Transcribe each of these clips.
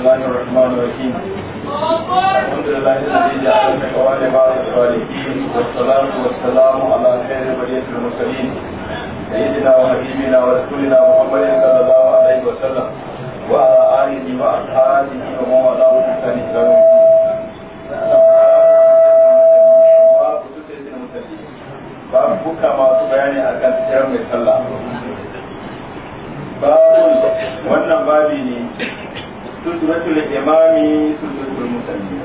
الله الرحمن الرحيم الحمد لله الذي جعل من قوال بعض الصالحين والصلاة والسلام على خير برية المرسلين سيدنا وحبيبنا ورسولنا محمد صلى الله عليه وسلم وعلى آله وأصحابه ومن والاه بإحسان إلى يوم الدين. باب بكى ما تبين أكان سيرم الصلاة. باب wannan babi ne suturatul imami suturatul musalli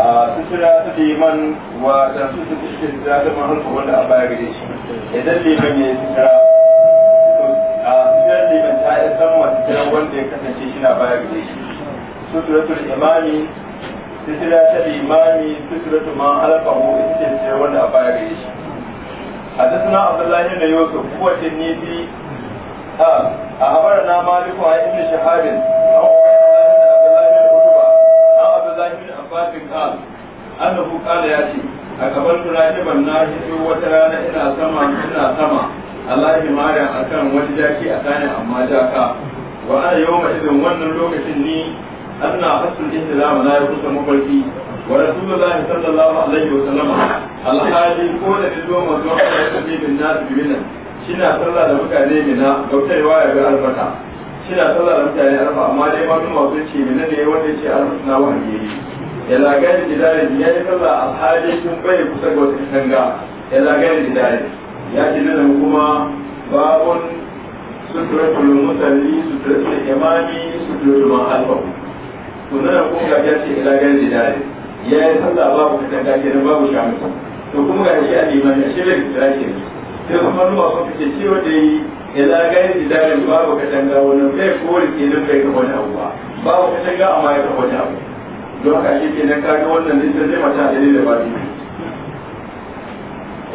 a sutura ta liman wa da sutura wanda a baya gare shi idan liman ya sutura a sutura liman ta yi san wanda ya kasance shi baya shi imami sutura ta wanda a baya shi حدثنا عبد الله بن يوسف هو الترمذي أخبرنا مالك عن ابن شهاب Fatim Al, annabu kala ya ce, a gaban turajiban na hito wata rana ina sama ina sama, Allah ya a kan wani jaki a tsani amma jaka. Wa ana yau ma izin wannan lokacin ni ana hasu jinsu zama na ya kusa mafarki. Wa Rasulullah sallallahu alaihi wa sallama, alhaji ko da fito mazuwa a yau da bibin na tribunan, shina sallah da mutane mina gautarwa ya bi albarka. Shina sallah da mutane arba amma dai ma duma wasu ce ne wanda ya ce albarka na wani yayi. yana gani jidari ya yi sallah a halin sun bai kusa ga wata katanga yana gani jidari ya ce da kuma babun suturatul musalli suturatul imami suturatul ma'alfa tunan da kuma gajiyar ce yana gani jidari ya yi sallah babu katanga kenan babu shamisa to kuma ga shi a limani a shi bai ke ne sai kuma nuna sun fice cewa da yi ila gani jidari babu katanga wani bai ke kenan bai kafa wani abu ba babu katanga amma ya kafa wani abu don haka ake ke nan kaji wannan nisa zai mace a da ba su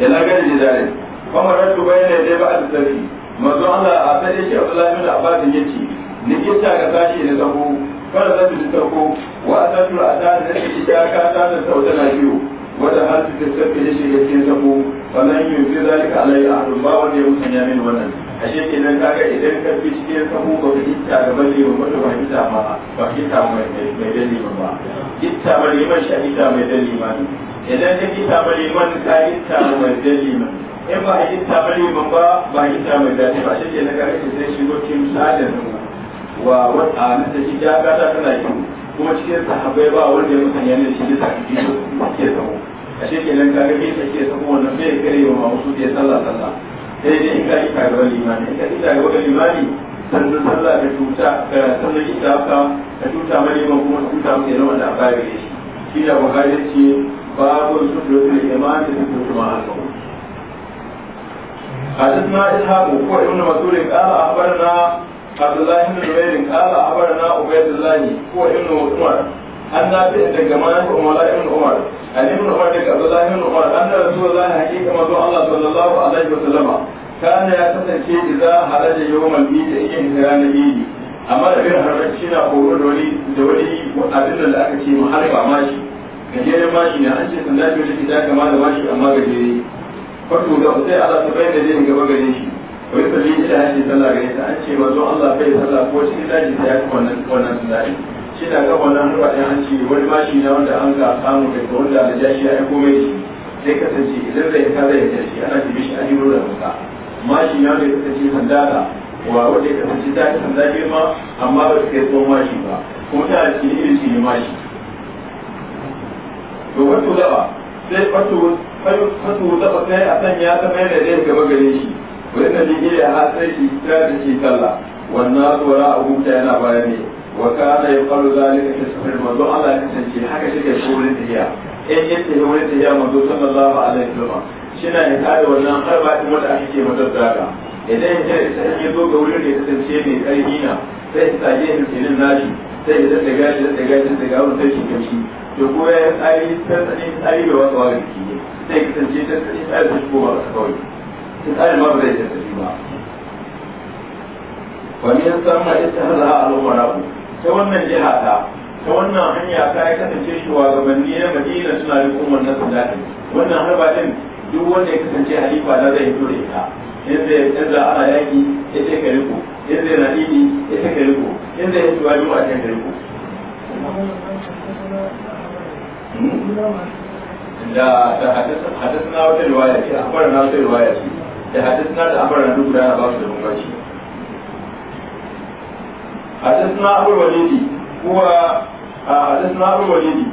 yana gani dare kuma rattu bayan da ya ba a tsari an Allah a sai shi da abadin Abbas yace ni kisa ga sashi da sabo kada za su tsako wa a adan da shi ya ka ta da saudana biyu wanda har su tsaka da shi ga cikin sabo wannan yin fi zalika a hannun ba wanda ya musanya min wannan ashe nan kaga idan ka fi cikin sabo ba ka kisa ga bane ba ba kisa ba ba ka mai mai dadi ba gitta ma liman shahida mai dan liman idan ka gitta ma liman ka gitta mai dan liman in ba gitta ma liman ba ba gitta mai dan ba shi ke na kare shi sai shigo cikin misalin wa wata nan da shi ya gata tana yi kuma cikin sahabbai ba wanda ya mutan ne shi bisa kiyo ke samu a shi ke nan kare shi ke samu wannan bai kare wa musu ke sallah sallah sai dai in ka yi kare limani in ka yi liman limani sannan sallah da tuta sannan ita ka ka tuta mai ma kuma tuta mai na wanda aka yi shi shi da buhari ya ce ko su da imani da sudur ma aka حدثنا إسحاق وقوع ابن مسعود قال أخبرنا عبد الله بن زبير قال أخبرنا عبيد الله هو ابن عمر أن نافع جماعة أمراء ابن عمر أن ابن عمر عبد الله بن عمر أن رسول الله حقيقة الله صلى الله عليه وسلم kana ya kasance idza halaja yawmal eid yake ranar eid amma da bin shi na horo da wani da wani abin da aka ce muharba mashi gajeren mashi na an ce sanda ce wani fita kama da mashi amma gajere farko ga sai Allah ta bayyana zai gaba gare shi wai salli ila hajji sallah gare ta an ce wazo Allah bai sallah ko cikin daji sai ya wannan wannan sallai shi da ga wannan ruwa ɗin an ce wani mashi na wanda an ga samu daga wanda da jashi ya aiko mai sai kasance idan zai ka zai tashi ana tibi shi an yi rura mashi ya bai kasance handala wa wanda ya kasance ta yi sanda girma amma ba su kai tsohon mashi ba kuma ta ce cikin irin cikin mashi to wato zaba sai wato zaba laba sai a sanya ya mai da zai gaba gare shi wani na jin iya ha sai shi ta yi shi sallah wannan tsora a hukunta yana baya ne wa kana ya faru zalika ta safar manzo Allah ya kasance haka shi ke shi wurin tafiya in ya wani ta tafi wani tafiya manzo sallallahu alaihi shi na ya kada wannan harba din wata ake ce mata daga idan ya sai ya zo ga wurin da ya kasance ne karfi na sai ya sage shi tsirin nashi sai ya daga gashi da daga gashi daga wurin sai shi kashi to ko ya tsari tsari tsari da wasu wa jiki ne sai kasance ta tsari tsari da ko ba ta kawai ta tsari ma ba zai tafi ba Wani wa min sama ita halaha al ku ta wannan jiha ta ta wannan hanya ta ya kasance shugabanni na madina suna da umar na sadaki wannan harba din duk wanda ya kasance halifa na zai hito da ita in zai canza ana yaki ya ce ka riko in zai na idi ya ce ka riko in zai hito wani a can ka riko da da na wata riwaya ce a akwai na wata riwaya ce da na da akwai na duk da ba su da bambanci حدثنا ne الوليد هو حدثنا أبو الوليد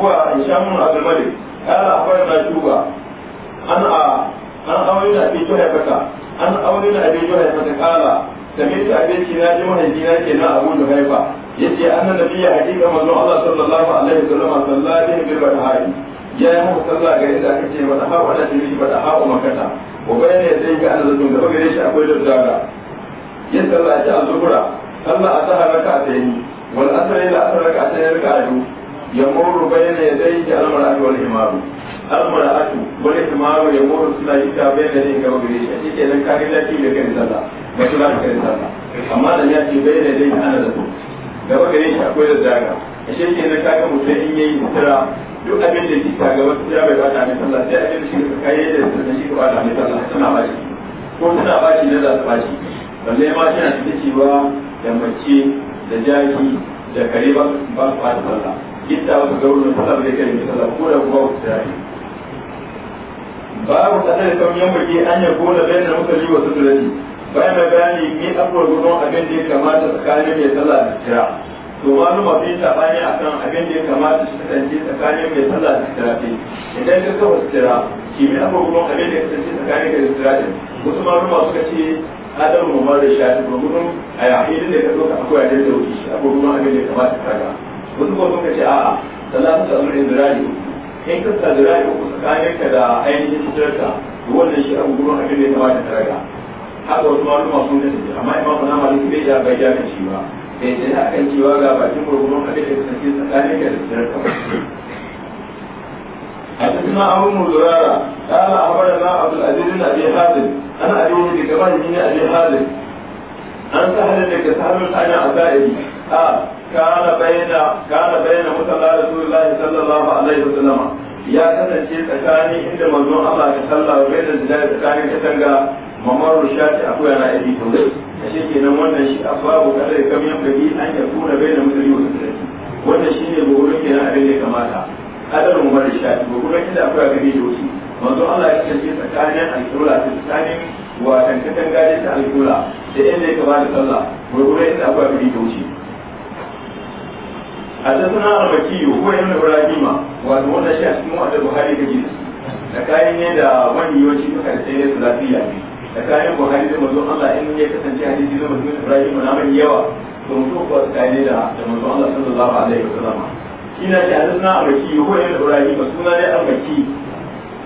هو هشام بن عبد الملك قال أخبرنا شوبة أن أن أولنا في جهبك أن أولنا أبي جهبة قال سمعت أبي كناج مهدينا كنا أبو جهيفة يتي أن النبي حقيقة من الله صلى الله عليه وسلم صلى به بالبرهاي يا يوم صلى قال إذا كنت بدحاء ولا تريد بدحاء مكتا وبين يديك أن الزمن فقريش أقول الزارة يسأل الله تعالى الزبرة صلى أتها ركعتين wal asr ila asr rak'ata ya rika adu yamuru bayna yadayhi al mar'atu wal himaru al mar'atu wal himaru yamuru suna ita bayna yadayhi ga gare shi shi kenan ka ga lafi da kan sallah da da da daga shi kenan ka ga mutum in yayi sutura duk abin da kika ga wasu ya bai bata mai sallah sai abin da shi ka da su shi ka bata mai sallah suna ba shi ko suna da za su ba balle ma shi na cikin cewa da mace da jahili da kare ba ba su fata sallah yadda wasu su ga da ke zai kare kura sallah ko da kuma ku tare babu kadar kan yan baki an ya gola bayan da muka ji wasu turani bayan da bayani ni abuwa gudun abin da ya kamata tsakanin mai sallah da kira to wani mafi a kan abin da ya kamata su kasance tsakanin mai sallah da kira idan ka kawo kira ki mai abuwa gudun abin da ya kasance tsakanin da kira wasu malama suka ce adam mu mara shafi ba a yaƙi da ka ɗauka akwai abin da wuce shi akwai kuma abin da ya kamata ka ga wasu ko suka ce a'a salatu ta amurin zirari in ka sa zirari uku tsakaninka da ainihin cutarka wannan shi abu gudun abin da ya kamata ka ga haka wasu maluma sun kasance amma in ma imam na malum bai ja bai ja kan shi ba bai ja kan cewa ga bakin gurgurun abin da ya kasance tsakaninka da cutarka حدثنا أبو مزرارة قال أخبرنا عبد العزيز بن أبي حازم أنا أبيه بكمان من أبي حازم أن سهل لك سهل عن عزائي قال كان بين كان بين مصلى رسول الله صلى الله عليه وسلم يا inda manzon Allah ya salla bai da zidai tsakanin katanga mamar rushati akwai yana iri to a shi kenan wannan shi asbabu kada ya kamar yanka bi an ya tura bai da musulmi wannan shine burin kenan abin da kamata hadar mu mara shafi ba kuma inda akwai gani da wasu manzo Allah ya kasance tsakanin alƙibla da tsakanin wa tantantan gadi ta alƙibla da inda ya kama da sallah gurgurai inda akwai gani da wasu حدثنا البكي هو ابن ابراهيم وأدمون شيء اسمه عبد البخاري كجيس لكاين يدا وني يوشي مكان سيد الثلاثية لكاين البخاري ده مزون الله إن يكسن شيء حديث ده مزون إبراهيم ونعمل يوا ثم توقف لكاين يدا مزون الله صلى الله عليه وسلم ina da hadisna a baki ko yana ibrahim suna ne a baki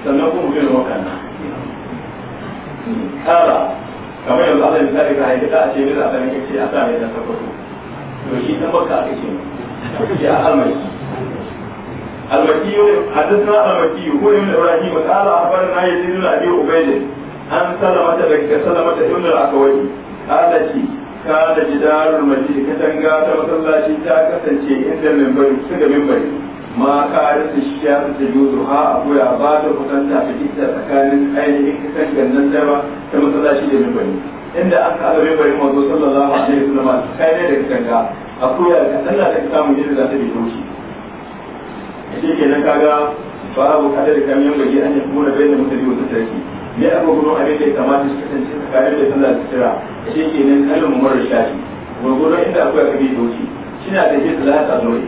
sannan kuma bin wakanna kara kamar yanzu Allah kuma tsare ka haɗe ta a ce bisa abin da ce a sa mai dan to shi dan baka aka ce ya almaki almaki hadisna almaki ko yana ibrahim kara yi yazid ibn abi ubayd an salamata daga salamata ibn al-akwaji ala ce ka da jidarul masjid katanga ta masallaci ta kasance inda mimbari su ga mimbari ma ka rasa ya ta juzu ha akwai a ba da kusanta ta kita tsakanin ainihin katangan nan dama ta masallaci da mimbari inda aka membari mimbari zo sallallahu alaihi wasallam kai ne da katanga akwai a katanga ta samu gida za ta bi doshi shi kenan kaga babu kadar kamin bagi an yi kuma da bayyana mutane wata sarki ne abu gudun abin da ya kamata shi kasance tsakanin da sun da kira shi ke nan kalin mumarar shafi gurgudu inda akwai aka bai doki shi na da shi salata zoye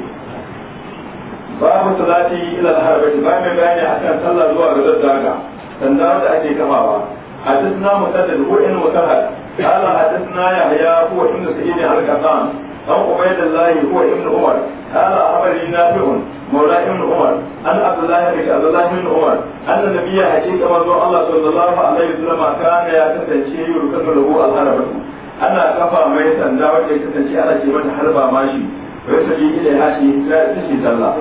babu salati ila al ba mai bayani akan sallah zuwa ga zazzaga sanda da ake kamawa حدثنا مسدد هو ابن مسهل قال حدثنا يحيى هو ابن سعيد القطان أو عبيد الله هو ابن عمر قال أخبرني نافع مولى ابن عمر أن عبد الله بن عبد الله بن عمر أن النبي حقيقة منظور الله صلى الله عليه وسلم كان يتسجي يركن له الحرب أنا كفى ميتا دعوة يتسجي على جيبة حرب ماشي ويسجي إلى هاشي لا تسجي صلى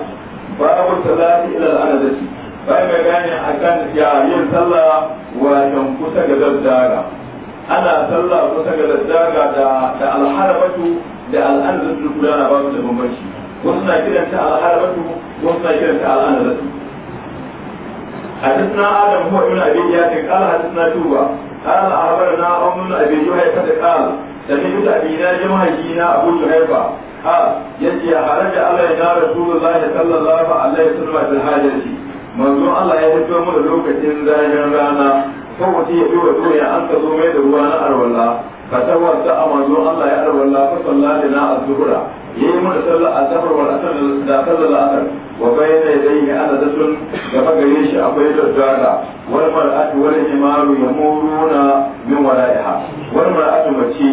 باب الصلاة إلى الأنزة bai ما كان a kan yayin sallah wajen kusa ga daddaga ana sallah kusa ga daddaga da alharabatu da al'anzatu gudana wasu na kiranta al'arabatu wasu na kiranta al'anaratu حدثنا آدم هو ابن أبي ياس قال حدثنا شوبة قال أخبرنا عمر بن أبي جهيفة قال سمعت أبينا جمهينا أبو جهيفة قال يجي خرج علينا رسول الله صلى الله عليه وسلم في الحاجة منذ الله يهدم لوكة ظاهرا رانا فوتي بوجوه أن تزومي دوانا أرولا فتوسأ منذ الله يرولا فصلى لنا الظهر yayi mana sallar azhar wal asr da sallar asr wa bayna yadayhi anadatun gaba gare shi akwai daddara wal mar'atu wal himaru yamuruna min wala'iha wal mar'atu mace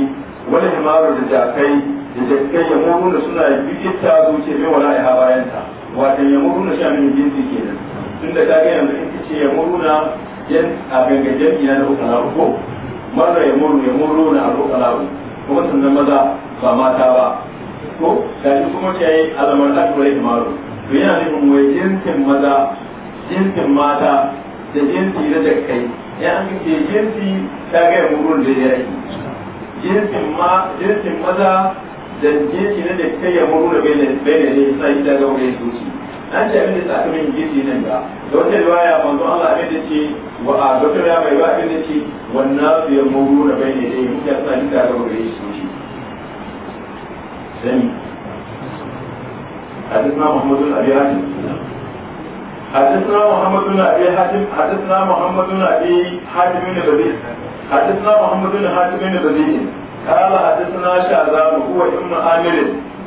wal himaru da jakai da jakai yamuruna suna bikita zuce min wala'iha bayanta wato yamuruna shamin jinsi kenan tunda kaga yanzu in kace yamuruna yan a gangajen ina da ukala ko mara yamuru yamuru na al'ukala kuma sannan maza ba mata ba ko ga shi kuma ta yi alamar akwai maro to yana nufin wai jinsin maza jinsin mata da jinsi na jakkai ya an ke jinsi ta ga yamurun da ya yi jinsin ma jinsin maza da jinsi na ya yamurun da bai da ne sai ta ga wani zuci an ce abin da aka min jinsi nan ga da wata riwaya manzo Allah abin da ce wa a dokar ya bai ba abin da ce wannan su yamurun da bai da ne sa sai ta ga wani سمي حدثنا محمد بن ابي هاشم حدثنا محمد بن ابي هاشم حدثنا محمد بن ابي حاتم بن بديع حدثنا محمد بن حاتم بن بديع قال حدثنا شعبان هو ابن عامر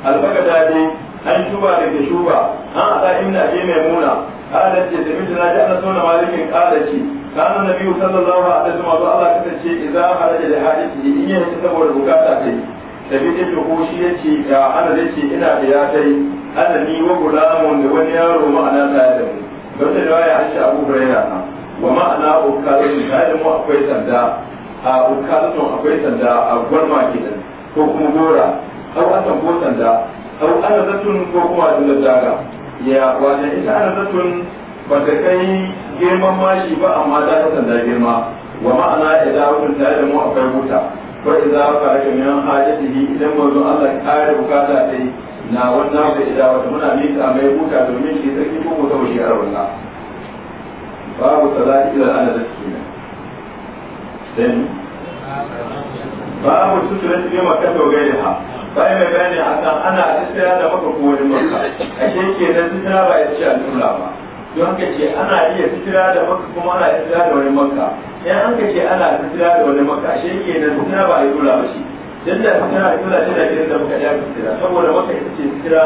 البغدادي an shuba da ke shuba an asa ibn abi maimuna qala ce da mutuna da Allah sunna malikin qala ce kana nabiyyu sallallahu alaihi wasallam Allah kace idza haraja li hadisi in yi saboda bukata kai da bidin duhu shi ya ce ga ana da ce ina da ya kai ana ni wa gulamun da wani yaro ma'ana ta da mu don da ya an ce abu huraira ta wa ma'ana ukalun ta da mu akwai sanda a ukalun akwai sanda a gwarma kenan ko kuma gora har an ko sanda au ana zatun ko kuma da daga ya wanda ita ana zartun ba ta kai girman mashi ba amma ta sanda girma wa ma'ana idan mutum ta da mu akwai wuta wa idza faraja min hajatihi idan manzo Allah kare bukata dai na wannan bai da wata muna mika mai buta domin shi sarki ko mu taushi a wannan babu salati ila ana da kina dan babu sutura ne maka to gaira bai mai bayani akan ana tsaya da maka ko wani maka ashe kenan sutura ba ya ci al'umma ba don ka ce ana iya fitira da maka kuma ana iya fitira da wani maka in an ka ce ana fitira da wani maka shi ke nan fitira ba a yi dora ba shi don da fitira a dora tana gidan da maka ya fitira saboda maka ita ce fitira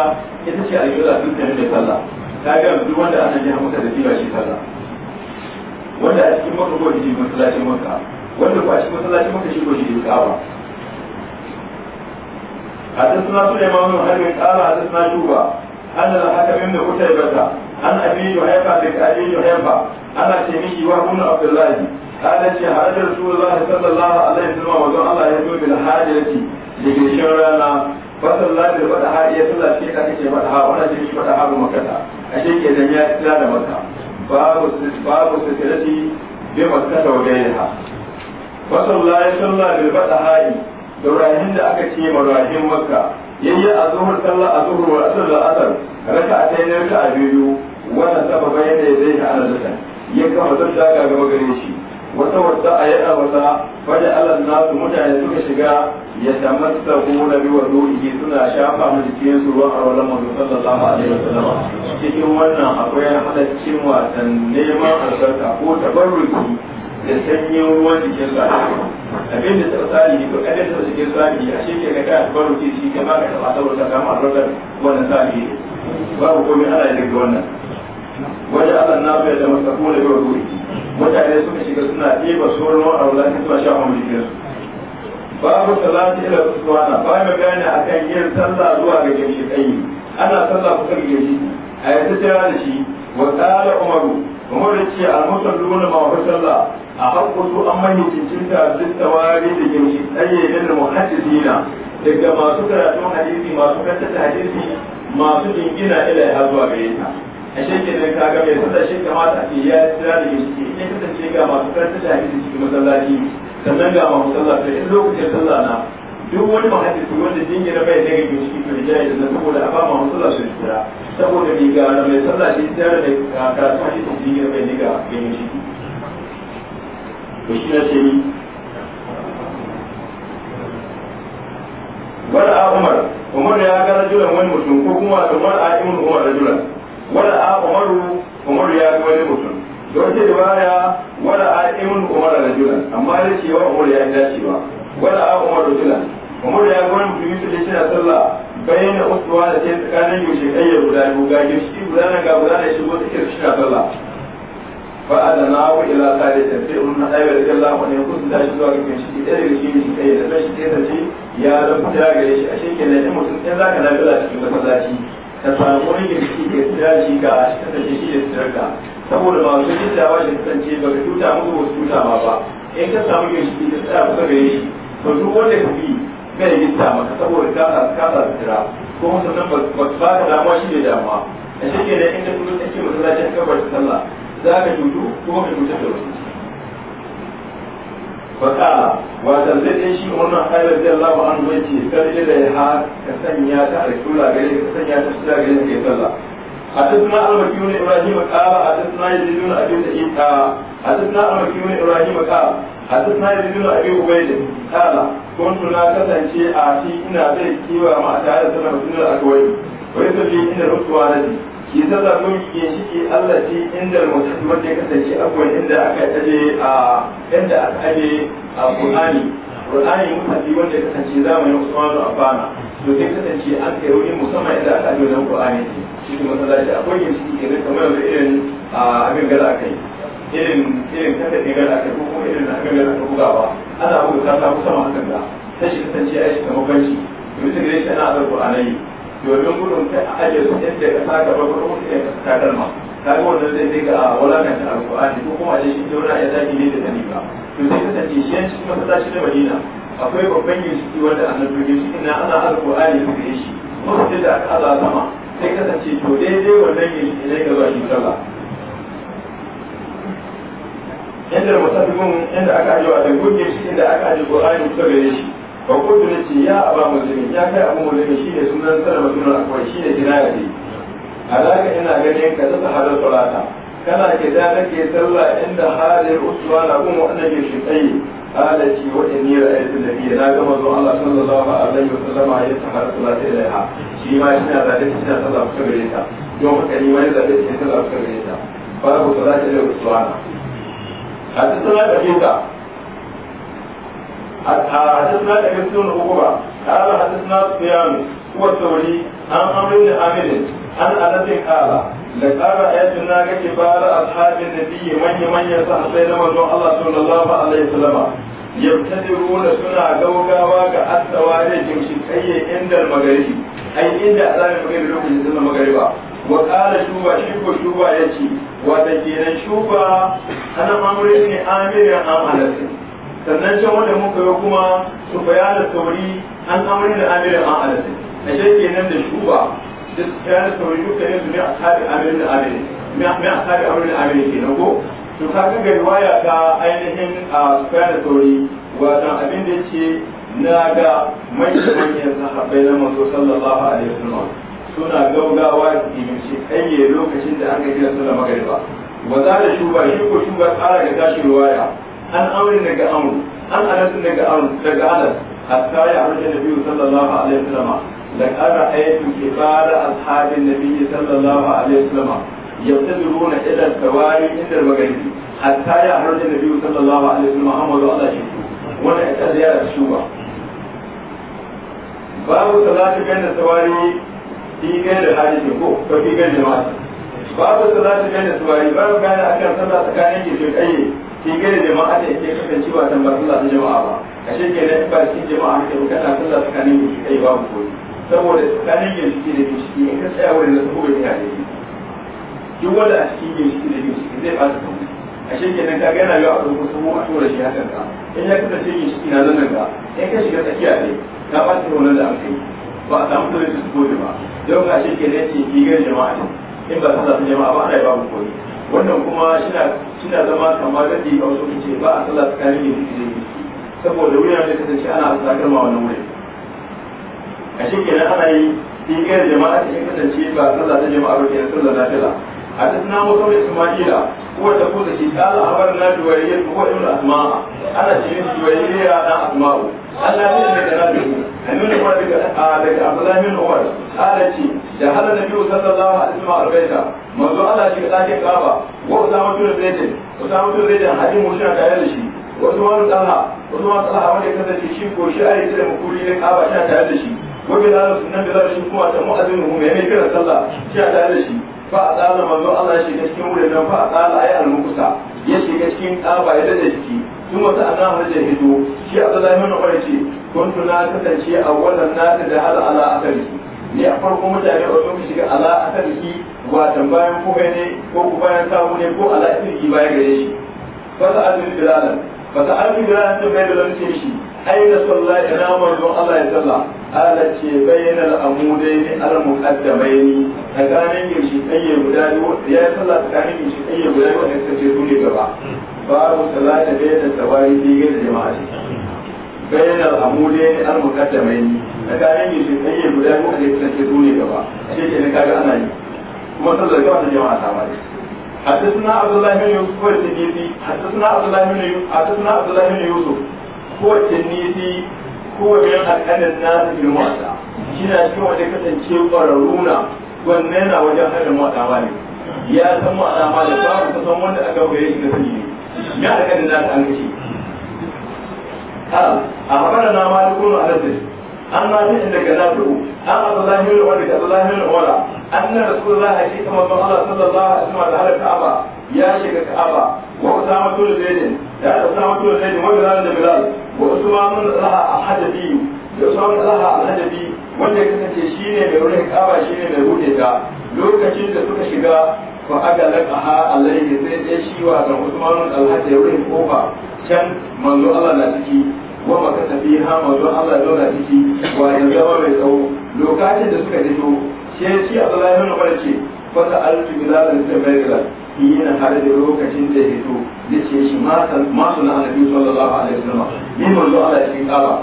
ita ce a dora duk da ne sallah ta ga duk wanda ana jiha maka da jiba shi sallah wanda a cikin maka ko jiji masallacin maka wanda ko a cikin masallacin maka shi ko jiji kawa حدثنا سليمان بن حرب قال حدثنا شوبه ان الحكم بن قتيبه an abi juhaifa daga abi haifa ana ce miki wa ibn abdullahi kana ce haraja rasulullahi sallallahu alaihi wasallam wa zan Allah ya zo bil hajati daga shin rana fa sallallahu alaihi wa sallam ya sallah shi kake ce fada wannan ce shi fada abu makata ashe ke dan ya tsira da maka babu babu sitirati bi makkata wa gairiha ha sallallahu alaihi wa sallam bil fada da rahin da aka ce marahin makka yayi a zuhur sallah a zuhur wa asr da asr raka'a tayin raka'a biyu wannan sababa yadda ya zai ga ana duka ya kama duk ga gaba gare shi wata wata a yi wata faɗi allah nasu mutane suka shiga ya samu sabu na biyu wa ruhi suna shafa mu jikin su ruwan arwalan mu sallallahu alaihi wasallam cikin wannan akwai halaccin wasan neman albarka ko tabarruki da sanyin ruwan jikin salihi abin da taɓa salihi to kada taɓa cikin salihi a shi ke na kai tabarruki shi ke ma ka taɓa saboda kama albarkar wannan salihi babu komai ana yi daga wannan wajen Allah na bai da masa kuma da yau ruhi mutane suka shiga suna ɗeba sauran a wulatin suna sha wa mulkin su babu salati ila usmana ba mu gane a kan yin sallah zuwa ga gamshi tsayi ana sallah kusa ga gamshi a yanzu tira da shi wa qala umaru umaru ce al-musalluna ma wa sallah a haƙƙusu an mai cincinta duk tawari da gamshi tsaye da muhaddisina daga masu karatun hadisi masu kantata hadisi masu jingina ila ya zuwa gare ta a shekin da ka ga su da shi kamata a ya tsira da shi in kasance ga masu karfi da hadisi cikin masallaci sannan ga masu sallah to in lokacin sallah na duk wani mahaddisi wanda jingina bai ya gishiki to ya yi da saboda a ba ya sallah su tsira saboda mai ga mai sallah shi tsira da karatu da ya bai daga ya to shi na ce ni wala umar umar ya ga rajulan wani mutum ko kuma umar a ya umar rajulan wala a umaru umar ya ga wani mutum don da baya wala a imun umar da julan amma ya ce wa umaru ya ga cewa wala a umaru julan umaru ya ga wani mutum yi ya shina sallah bayan da usuwa da ta yi tsakanin shi ɗaya guda biyu ga girshi guda na ga guda da shigo take shina sallah fa adana wa ila salihin sai un na ayyuka da Allah wani kun da shi zuwa ga shi da da shi shi kai da shi da shi ya rabu da gare shi a shekin da mutum sai zaka lafiya cikin masallaci da samu da shi ke tsiraji ga da shi ke tsirarka saboda masu jindawa da kasance ba ka tuta muku wasu tuta ma ba in ka samu yin shi da tsaya kuka gare shi to duk wanda ka bi zai jinta maka saboda ka sa ka ta tsira ko sannan ba ba ka damuwa shi ne damuwa a shi ke da inda kullum take masallacin kabar sallah za ka tutu ko ka tuta da wasu faƙala ba ta zai shi wannan ayyar da Allah ba'an zai ce karfe da ya ha ka sanya ta a kula gare ka sanya ta shi gare ka sallah a tattuna almaki wani ibrahim ƙara a tattuna yi zai nuna abin da yi ta a tattuna almaki wani ibrahim ƙara a tattuna yi zai nuna abin ubaidin ƙara kun tuna kasance a shi ina zai kiwa ma a tare da sanar sunar a kawai wani sabi ina rufuwa na ji shi sallar mulki shi Allah ce inda mutum wanda kasance abuwan inda aka aje a inda aka aje a Qur'ani Qur'ani mutafi wanda kasance zamanin Usman abana to sai kasance an kai wani musamman inda aka aje wannan Qur'ani shi kuma masallaci akwai yin shi irin kamar irin abin gala kai irin irin kada ne gala kai ko kuma irin abin gala aka bugawa ana buga ta kusa ma hakan da sai shi kasance a shi kamar banci domin sai gare shi ana azar Qur'ani domin gudun kai a ajiyar su yadda ka sa gaba ko kuma kai ka kalma ka ga wannan zai kai ga walakan da alqur'ani ko kuma da shi dole ya zaki ne da sani ba to sai ka tace shi yan cikin masallaci na Madina akwai babban ginshiki wanda annabi ginshiki na ana alqur'ani su yi shi mutum da aka aza sama sai ka kasance to dai wannan ginshiki ne ga zuwa shi sallah yadda musafirun yadda aka ajiye wa da gudun shi inda aka ajiye qur'ani kusa gare shi ba ko da ce ya aba musulmi ya kai abu musulmi shi ne sunan sarrafa sunan akwai shi ne jinaya ne alaka ina ganin ka zata halar salata kana ke da nake sallah inda halin usman na kuma wanda ke shi tsaye halaci wa inni ra'aytu nabiyya na ga manzo Allah sallallahu alaihi wa sallam ya tahara salata ilaiha shi ma shi na da shi na sallah kusa gare ta don haka ni wani zabe shi sallah kusa gare ta babu salata ilaiha usman hadithuna da fita حدثنا الأمير بن عقبة قال حدثنا سفيان هو الثوري عن عمرو بن عامر عن أنس قال لقال آيات النار كبار أصحاب النبي من من يصحبين من الله صلى الله عليه وسلم يبتدرون سنة غوغا واغا الثواري جمشكية عند المغرب أي عند أذان المغرب لوكي سنة المغرب وقال شوبا شوبا شوبا يجي وتجينا شوبا أنا عمرو بن عامر عن أنس sannan can wanda muka yi kuma su bayana sauri an amri da amirin an alasi a ke nan da shuba duk bayana sauri dukkanin su ne a amirin da amirin me a sabi amirin da amirin ke nan ko to ka ga riwaya ta ainihin a bayana sauri wato abin da ce na ga manyan manyan sahabbai na manzo sallallahu alaihi wasallam suna gaugawa da kimance kanye lokacin da aka kira sallar magariba wa za da shuba shi ko shuba tsara ga tashi riwaya an ne daga aure an ne ga aure daga anas hatta ya arja biyu sallallahu alaihi wasallam da qara ayatu kibar ashabin nabi sallallahu alaihi wasallam yabtadiruna ila al inda magani hatta ya da biyu sallallahu alaihi wasallam Muhammadu Allah shi wannan ita ziyara shuba babu salatu bayan sawari fi gairi hadisi ko ko fi da jama'a babu salatu sawari babu gane akan sallah tsakanin ke shi shi gane jama'a da yake kasancewa dan ba sallah da jama'a ba a shi ke da ba shi jama'a da kuka ta sallah tsakanin yi kai babu koyi saboda tsakanin shi da shi in ka tsaya wurin da su bai ta da duk wanda a cikin shi da shi zai ba su kuma shi ke nan kaga gana yau a ku kuma a tura shi hakan ka in ya kasance shi na nan ga in ka shiga tsakiya ne ka ba su wannan da aka yi ba a samu kudin su gobe ba don ka shi ke ne ce ki gane jama'a in ba sallah ta jama'a ba ana yi babu koyi wannan kuma shina zama kamar yadda a wasu kace ba a sallah tsakanin ne da ne saboda wurin ta kasance ana asakar ma wani wuri a shi kenan ana yi in kai jama'a ta kasance ba sallah ta jama'a ba kenan sallah na fila حدثنا موسى بن اسماعيل هو تقول لك قال اخبرنا جويرية هو ابن اسماء انا جيت جويرية انا اسماء انا من لك كان بيقول ان هو لك عبد الله من عمر قال لي دخل النبي صلى الله عليه وسلم البيت منذ الله شيء ذاك قابا واسامة بن زيد اسامة بن زيد حديث مشنا تعالى شيء وعثمان طلحة عثمان طلحة wanda ya kasance shi ko shi ayi da mukuri ne kaba shi tare da shi wa bilal sunan bilal shi kuma ta mu'azzin mu mai kira sallah shi tare da shi fa a tsara mazo Allah ya shiga cikin wurin nan fa a tsara ayi almukusa ya shiga cikin tsaba ya da jiki tun wata ana hajjar hito shi a tsara mana kwarai ce kuntu na kasance a wannan na ta da hada ala shi. ne a farko mutane a zuwa shiga ala asali watan bayan kuma ne ko ku bayan samu ne ko ala ba baya gare shi fa a bilalan baka an riga an tambaye da lamce shi aina sallah ina manzon Allah ya sallah ala ce bainal amudaini al muqaddamaini tsakanin girshi kayye guda biyu ya sallah tsakanin girshi kayye guda biyu wanda kace su ne gaba babu salata bainal tawari bi da jama'a ce. amu bainal amudaini al muqaddamaini tsakanin girshi kayye guda biyu wanda kace su ne gaba shi ke kaga ana yi kuma sallar gaba da jama'a ta ma bari حدثنا عبد الله بن يوسف التنيسي حدثنا عبد الله بن يوسف حدثنا عبد الله بن يوسف هو التنيسي هو من أكل الناس في بالمعطى شنا شو عندك كتنشي قررونا وننا وجهنا هذا والي يا سمو أنا ما لفاهم تسمون أكبر بيش نسيني يا أكل الناس عنك أنكشي قال أخبرنا مالك بن أنس an malikin daga nafi'u an abdullahi bin umar daga abdullahi bin umar anna rasulullahi hakika manzon Allah sallallahu alaihi wasallam da halaka aba ya shiga ka'aba wa usama tul zaidin da usama tul zaidin wa bilal da bilal wa usman bin raha al-hadabi da usman bin raha al-hadabi wanda ya kasance ne mai ruhin ka'aba ne mai ruhe ta lokacin da suka shiga fa aga laqaha alayhi sai dai shi wa dan usman al ya ruhin kofa can manzo Allah na ciki wa maka tafi hama don Allah ya zauna ciki wa ya zama mai tsawo lokacin da suka fito shi ya ci Abdullahi bin Umar ce fasa altu bilal da Bilal yana har da lokacin da ya fito da ce shi masu na annabi sallallahu alaihi wasallam ni manzo Allah ya cikin kaba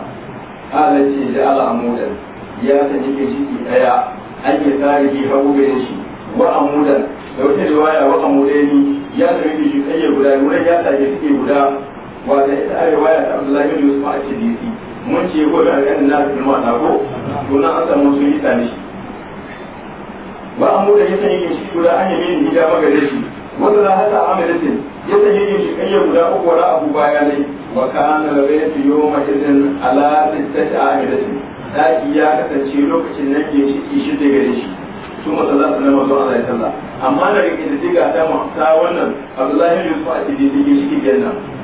Allah ce da Allah amudan ya sanya ke ciki daya an yi tarihi hagu gare shi wa amudan da wata riwaya wa amudani ya sanya ke shi kai guda guda ya sanya ke guda wanda ita a riwaya ta Abdullahi bin Yusuf a Tilisi mun ce ko da ganin na bin wata ko to nan an samu sun yi tani wa an mu da yake yin shi guda an yi min hija magare shi wanda za a hata amalatin yake yin shi kai guda uku wala abu baya ne wa kana la baytu yawma idin ala sittati amalatin da ya kasance lokacin nan yin shi shi da gare shi su masala su na mazo Allah sallah amma da rike da diga ta ta wannan Abdullahi bin Yusuf a Tilisi yake shi nan.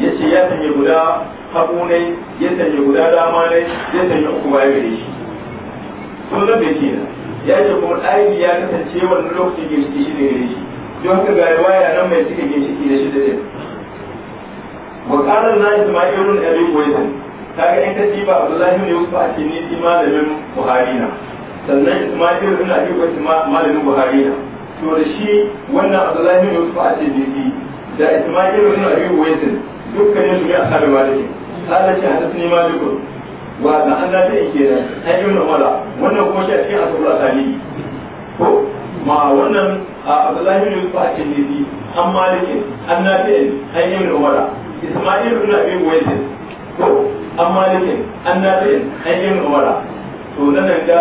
ya ce ya sanya guda hagu ne ya sanya guda dama ne ya sanya uku baya gare shi sun rabe kenan ya ce kuma ɗari ya kasance wannan lokacin ginshiki shi ne gare shi don haka ga riwaya nan mai cika ginshiki shi da ɗin wakalar na ismail ibn abi ta ga in kace ba abdullahi ibn ne wasu cikin nisi malamin buhari na sannan ismail ibn abi qais malamin buhari na to da shi wannan abdullahi ibn wasu a cikin da ismail ibn abi qais dukkanin su ne a sabin maliki ala ce hadis ne malikun wa da an dace yake nan ai ibn umara wannan ko shi a cikin asabul asali ko ma wannan a abdullahi bin ba a cikin didi an maliki an nafi an ibn umara isma'il ibn abi waiz ko an maliki an nafi an ibn umara to nan da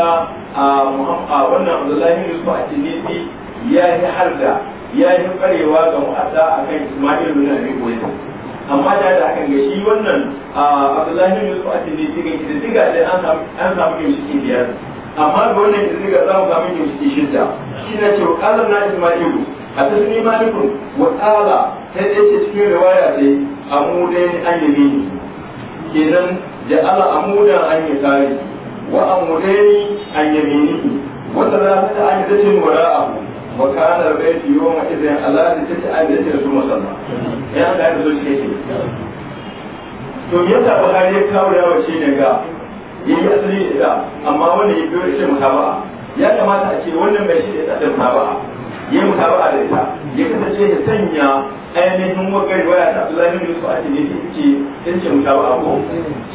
a wannan abdullahi bin ba a cikin didi ya yi harda ya yi karewa ga mu'adda akan isma'il ibn abi waiz amma da da kan ga shi wannan abdullahi bin yusuf a cikin diga ki diga sai an samu an samu kimshi biyar amma ga wannan diga za mu samu kimshi shidda shi na ce qala na isma'ilu hadathani malikun wa qala sai dai ce cikin riwaya sai amudain an yamini kenan da ala amuda an tare wa amudain an ni wa salatu an yadatin wara'ahu وكان البيت an da على ستة أبيات ya مسلم da لا يرسل shi to me yasa Buhari ya kawo yawa shi ne ga yi asali da amma wanda ya biyo shi mutaba'a ya kamata a ce wannan mai shi da ta mutaba'a Ya mutaba'a da ita ya kasance ya sanya ainihin wakari waya ta Abdullahi bin Yusuf a cikin ce in ce mutaba'a ko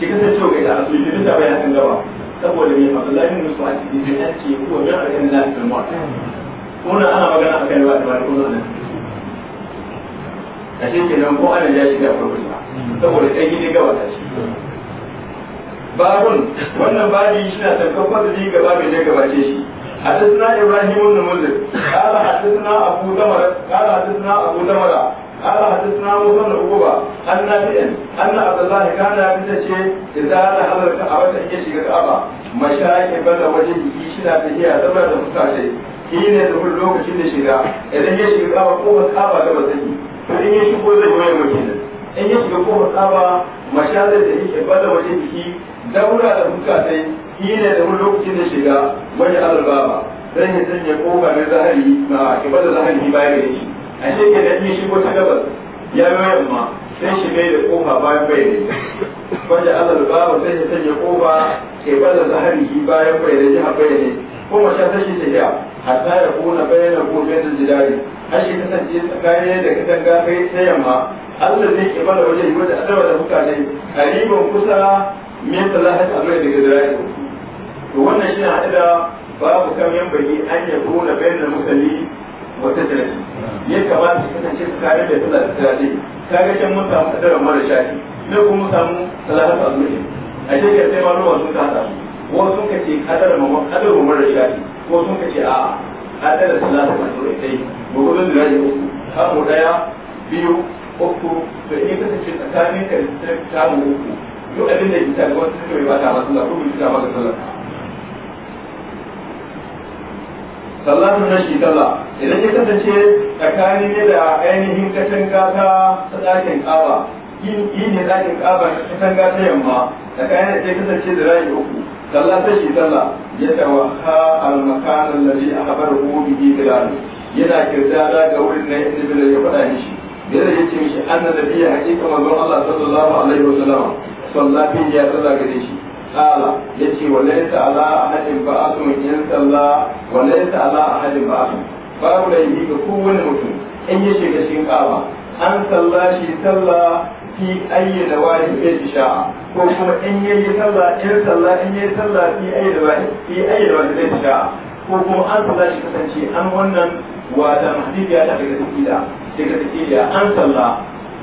shi kasance ga ita duk da bayan bayanin gaba saboda mai Abdullahi bin Yusuf a cikin ce ko ya alƙalin lafiyar mutum kuna ana magana a kan ba ta bari kuna nan a shi nan ko ana ya shiga farko saboda kai gidi gaba ta shi babun wannan babi shi na tafkan fadli gaba mai ne gabace shi حدثنا ابراهيم بن مزر قال حدثنا ابو ثمره قال حدثنا ابو ثمره قال حدثنا موسى بن عقبه عن نافع ان عبد الله كان يفتشي اذا دخل الكعبه يشيك الكعبه مشاكل وجهه شنا تهيا زمرة مستعجل shi ne da mun lokacin da shiga idan ya shiga kaba ko ba kaba da ba zai to in ya shigo zai waye mu kenan in ya shiga ko ba kaba mashazar da yake bada wajen jiki daura da duka sai shi ne da mun lokacin da shiga wani albaba dan ya sanya kofa na zahari na ke da zahari baya gare shi a shi ke da in ya shigo ta gabas ya yi waye ma sai shi bai da kofa bayan bai da wanda azal babu sai ya sanya kofa kiba da zahari bayan bai da jiha bai ne kuma sha sai shi ta hatta ya kuna bayan da kuma bayan jidari har kasance tsakanin da katanga kai ta yamma Allah zai ke mana wajen yi wata adawa da mutane kariban kusa min salahat amai daga jidari to wannan shi na da babu kan yambaki an ya kuna bayan da musalli wata jirage ya kamata shi kasance tsakanin da salahat jidari kaga can mun samu adawa mara shafi ne kuma mun samu salahat amai a shekar sai ma ruwa sun kasa wasu sun kace kadar mamman kadar mamman da shafi ko sun kace a a tsara salatu a tsoro dai gobe zan lura da uku kamo daya biyu uku to in kasance tsakanin ka da kamu uku duk abin da kita da wata take ba ta ba sallah ko kita ba sallah sallatu na shi sallah idan ya kasance tsakanin ne da ainihin katanga ta sadakin kaba yin yin ne dakin kaba katanga ta yamma tsakanin da ya kasance da rayu uku sallah ta shi sallah ya tawaha al-makan alladhi akhbarahu bihi bilal yana kirdada ga wurin da ibn bilal ya faɗa mishi bilal ya ce mishi anna nabiyya haqiqa manzon Allah sallallahu alaihi wasallam sallah fi ya sallah gare shi qala yace walaysa ala ahadin ba'atun in sallah walaysa ala ahadin ba'atun babu da yi ga kowane mutum in ya shiga cikin kaba an sallah shi sallah fi ayyana wahid bi sha'a ko kuma in ya yi sallah in sallah in ya yi sallah fi ayi ba fi ayi da wanda zai sha ko kuma an sallah shi kasance an wannan wata mahdiya ta daga tsida daga tsida an sallah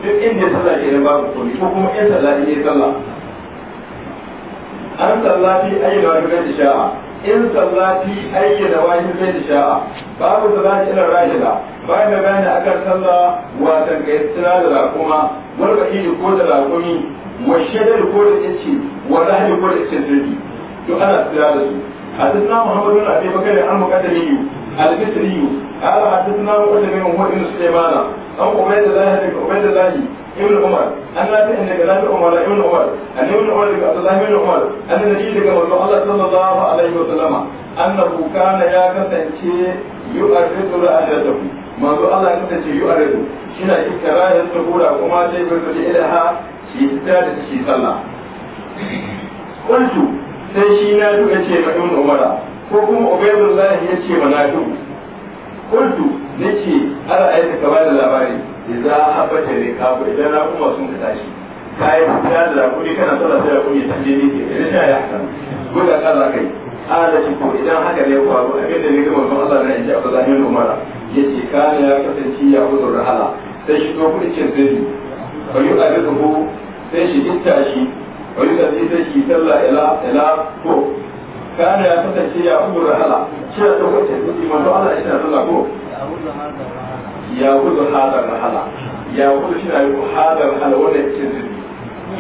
duk inda ya sallah ke da babu komai ko kuma in sallah in ya sallah an sallah fi ayi da wanda zai sha in sallah fi ayi da wanda zai sha babu sallah ila rajula bayan da bayan akan sallah watan ga istira da kuma wal ko da lakumi والشجر كل الاتشي واللحم كل الاتشي to ana tsira da su حدثنا محمد بن ابي بكر المقدمي البصري قال حدثنا مقدم هو ابن سليمان او عبيد الله بن عبيد الله ابن عمر ان ان كلام عمر ابن عمر ان ابن عمر بن عبد الله بن عمر ان النبي كما الله صلى الله عليه وسلم انه كان يا كسانتي يؤرد رأيته منذ الله كسانتي يؤرد شنا إكراه الصبور وما شيء بالفضل إليها shi ta da shi sallah kuntu sai shi na duka ce ma ibn umara ko kuma ubaydullahi ya ce ma na duka kuntu nace ara aita ka bada labari idan habata ne idan na kuma sun ka tashi kai ta da kudi kana sallah sai kudi ta je ne ke idan ya hakan goda kaza kai ala shi ko idan haka ne faru abin da ne ga manzon Allah na inji Abdullahi ibn Umar yace kana ya kasance ya hudur rahala sai shi to kudi ce zai fa yu alifuhu sai shi gitta shi wa yu sai sai shi sallah ila ila ko kana ya kasance ya ubu rahala shi da lokacin ma to Allah ya sallah ko ya wuzu hadar hala ya wuzu shi na yi hadar rahala wanda ya ce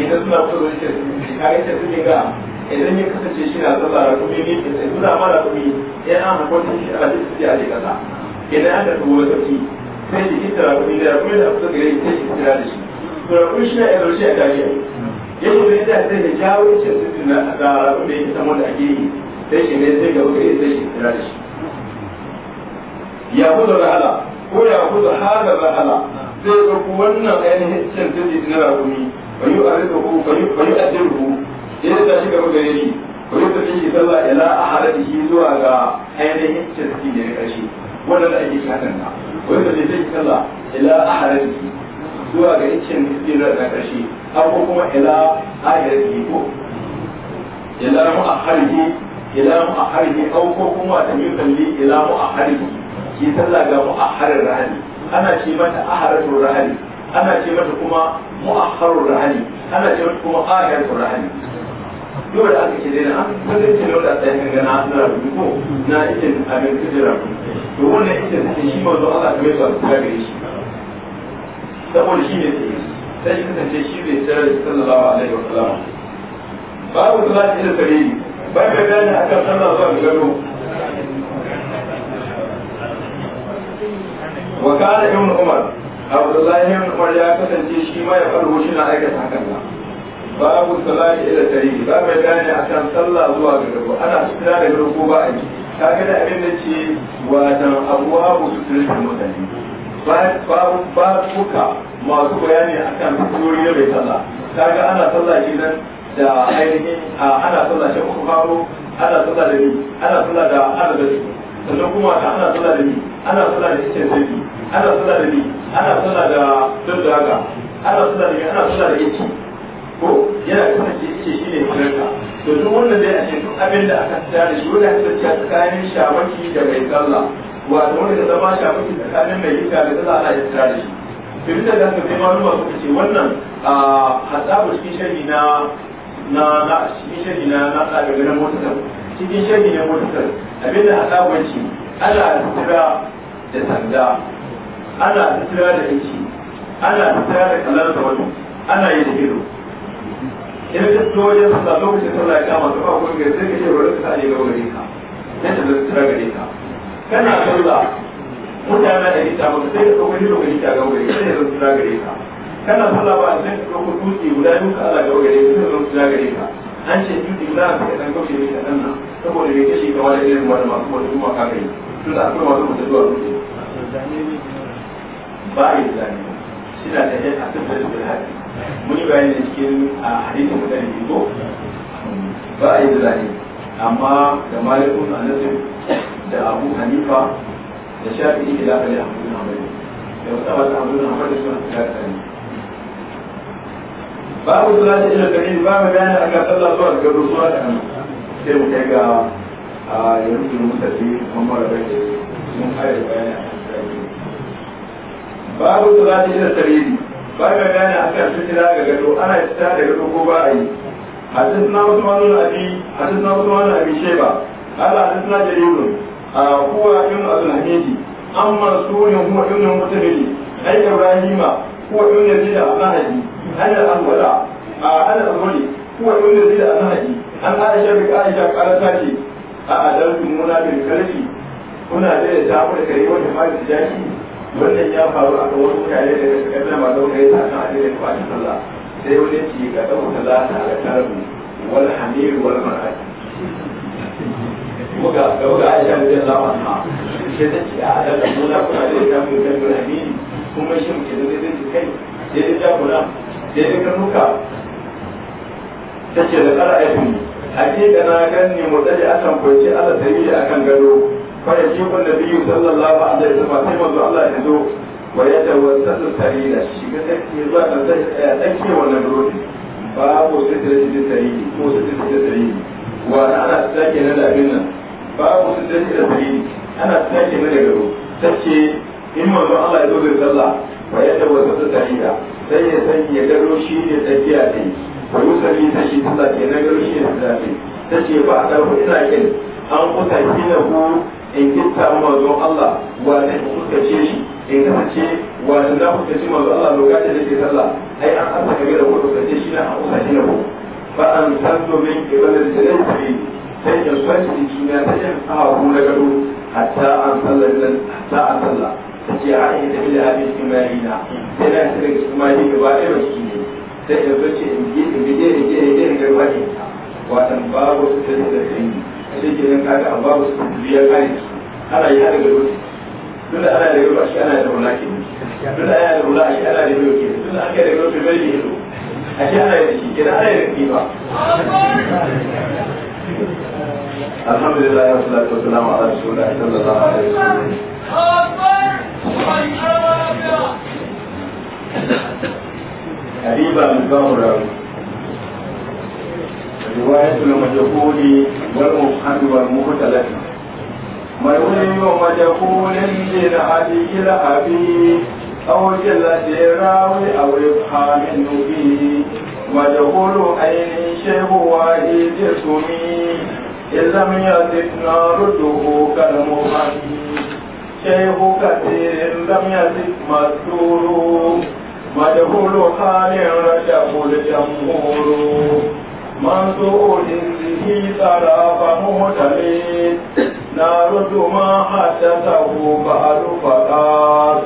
idan suna so zai ce zubi ka yi ta zubi ga idan ya kasance shi na sallah da kuma ne ke sai suna da kuma ya an hakwatin shi a cikin siya da kasa idan aka tuwo da shi sai shi kintara kuma da kuma da kuma da gare sai shi kira da shi kun shi na yanzu a tashi ya kuma yadda sai ya jawo shi su na a abin da yake samu da ake yi sai shi ne sai ga wuka sai shi tsira da shi ya kuzo da ala ko ya kuzo haga da ala sai ɗauko wannan ainihin cin sirri na rakumi bayu a rika ku bayu bayu a jirgu ya yadda gaba gare shi bayu ta fi shi sallah ila a halar shi zuwa ga ainihin cin sirri da na ƙarshe wannan da ake shi bayu ta fi shi sallah ila a da shi zuwa ga iccen miskino da har ko kuma ila ayyarki ko ila mu a harbi ila mu a harbi au ko kuma ta yi kalli ila mu a harbi ki sallah ga mu a harin rahani ana ce mata aharatu rahani ana ce mata kuma mu'akharur rahani ana ce mata kuma akhiratur rahani yau da aka ce dai na an zai ce da ta yankan gana na rubu ko na ikin abin kujera to wannan ikin shi manzo Allah ta yi zuwa gare shi saboda shi ne sai shi kasance shi ne tsere da sallallahu alaihi wa sallam babu salati da sarari bai bai gane akan sallah zuwa ga gado wa kana ibn umar abdullahi ibn umar ya kasance shi ma ya faru shi na aikata hakan babu salati da sarari ba bai gane akan sallah zuwa ga gado ana tsira da gado ko ba a yi kaga da abin da ce wa dan abuwa su tsira da mutane babu babuka masu bayani akan surori na mai sallah kaga ana sallah kenan da ainihin ana sallah shi uku faro ana sallah da ni ana sallah da ana sannan kuma da ana sallah da ni ana sallah da cikin sai ana sallah da ni ana sallah da daddaga ana sallah da ni ana sallah da ice ko yana kasance ice shi ne kiranta to duk wannan dai a ce duk abin da aka tsaya da shi wani wanda aka tsaya tsakanin shamaki da mai sallah wato wanda zama shamaki tsakanin mai hita da sallah ana tsaya da shi domin da zaka sai maluma suka ce wannan a hasabu cikin shari'i na na na cikin shari'i na na tsaga na motar cikin shari'i na motar abinda hasabu ce ana tura da sanda ana tura da yanki ana tura da kallar da wani ana yi da in ka fito wajen sallah lokacin sallah ya kama ka ba kuma ga sai ka ce bari ka sa ne ga wani ka na ta tura ne ka kana sallah mutane na ɗari ta maka sai ka ɗauki lokaci ta gaba sai ya zama suna gare ka kana sallah ba sai ka ɗauki dutse guda biyu ka ala gaba ka sai ya zama suna gare ka an ce dutse guda ka ka ɗan kauce ne ka ɗan nan saboda bai kashe ka wani irin wani masu wani kuma ka kai tun da akwai masu mutu zuwa dutse ba a yi zane suna da yan asibitin da hadi mun yi bayani da cikin a hadisin mutane biyu ba a yi zane amma da malikun anasir da abu hanifa da shafi ne da aka yi hamdun hamdun da wata wata na hamdun suna tsaya tsari babu zuwa da ina gari ba mu gane a kan sallah zuwa ga da hannu sai mu kai ga a yanzu mutafi kuma da bai mun fara bayani a kan babu zuwa da ina sarari ba mu gane a kan fitila ga gado ana fita da gado ko ba a yi حدثنا عثمان بن ابي حدثنا عثمان بن ابي شيبه قال حدثنا جرير kuma هو ابن الحميد أم منصور هو ابن المتهلي أي إبراهيم هو ابن يزيد النهدي أنا الأول أنا الأول هو ابن يزيد aisha kala ta ce a قالت muna أأدلتمونا بالكلف kuna da ya samu da kare wanda ma da jaki wannan ya faru a kawar mutane da suka kalla ma da kai ta kan adilin kwanin sallah, sai wani ci ga dauka la ta ala tarbu wal hamir wal mar'ati muka ga muka aisha da yin lawan ha shi ta ce a da muna kuna da ta mu da mun amini kuma shi muke da zai zai kai sai da jagora sai da karnuka ta ce da tsara aifin hakika na ganni mutsaje akan kwanci ala dalili kan gado fa ya ce kun nabiyyu sallallahu alaihi wa wasallam sai manzo Allah ya zo wa ya tawassalu da shi ga take zuwa kan take wannan ba rodi babu sitir sitir sarili ko sitir sitir sarili wa ana sake nan da abin nan babu su da da sai ana tsaki mai daga ro tace in manzo Allah ya zo da sallah wa ya dawo ta tahiyya sai ya san ya garo shi ne tafiya ne wa yusalli ta shi ta ke na garo shi ne sallah tace ba a dawo ina kin an kuta na ku in kinta manzo Allah wa ne kuka ce shi in kasance wa da kuka ce manzo Allah lokacin da ke sallah ai an asaka ga da kuka ce shi na an kuta na ku fa an santo min kibalin da ne sai ya swanci da juna sai ya sa wa kuma hatta an sallar nan hatta an sallar ta ce a yi da bila na sai na sai daga kuma yi gaba ɗaya baki ne sai ya swanci da bi in bi ɗaya ɗaya ɗaya ɗaya gaba ɗaya watan babu su ta da ɗaya a ce nan kaga an babu su ta biya kare su ana yi har gado dole ana da a ana da wula ke dole ana da wula a ana da gado ke kai da gado ke bai da a ana da shi ke da ana da kiba الحمد لله والصلاة والسلام على رسول الله صلى الله عليه وسلم حبيبا البورا رواية المجهول والمفهم والمختلف مجهول ومجهول للعدي الحبيب أو جلة الراوي أو إبحام النبي مجهول أين شيخ وعيد السمي ya لم يزد نارده كالمهدي شيخ كثير لم يزد مذكور مجهول حال رجب الجمهور من سؤله سراب مهتلي نارد ما حدثه بعد فقاد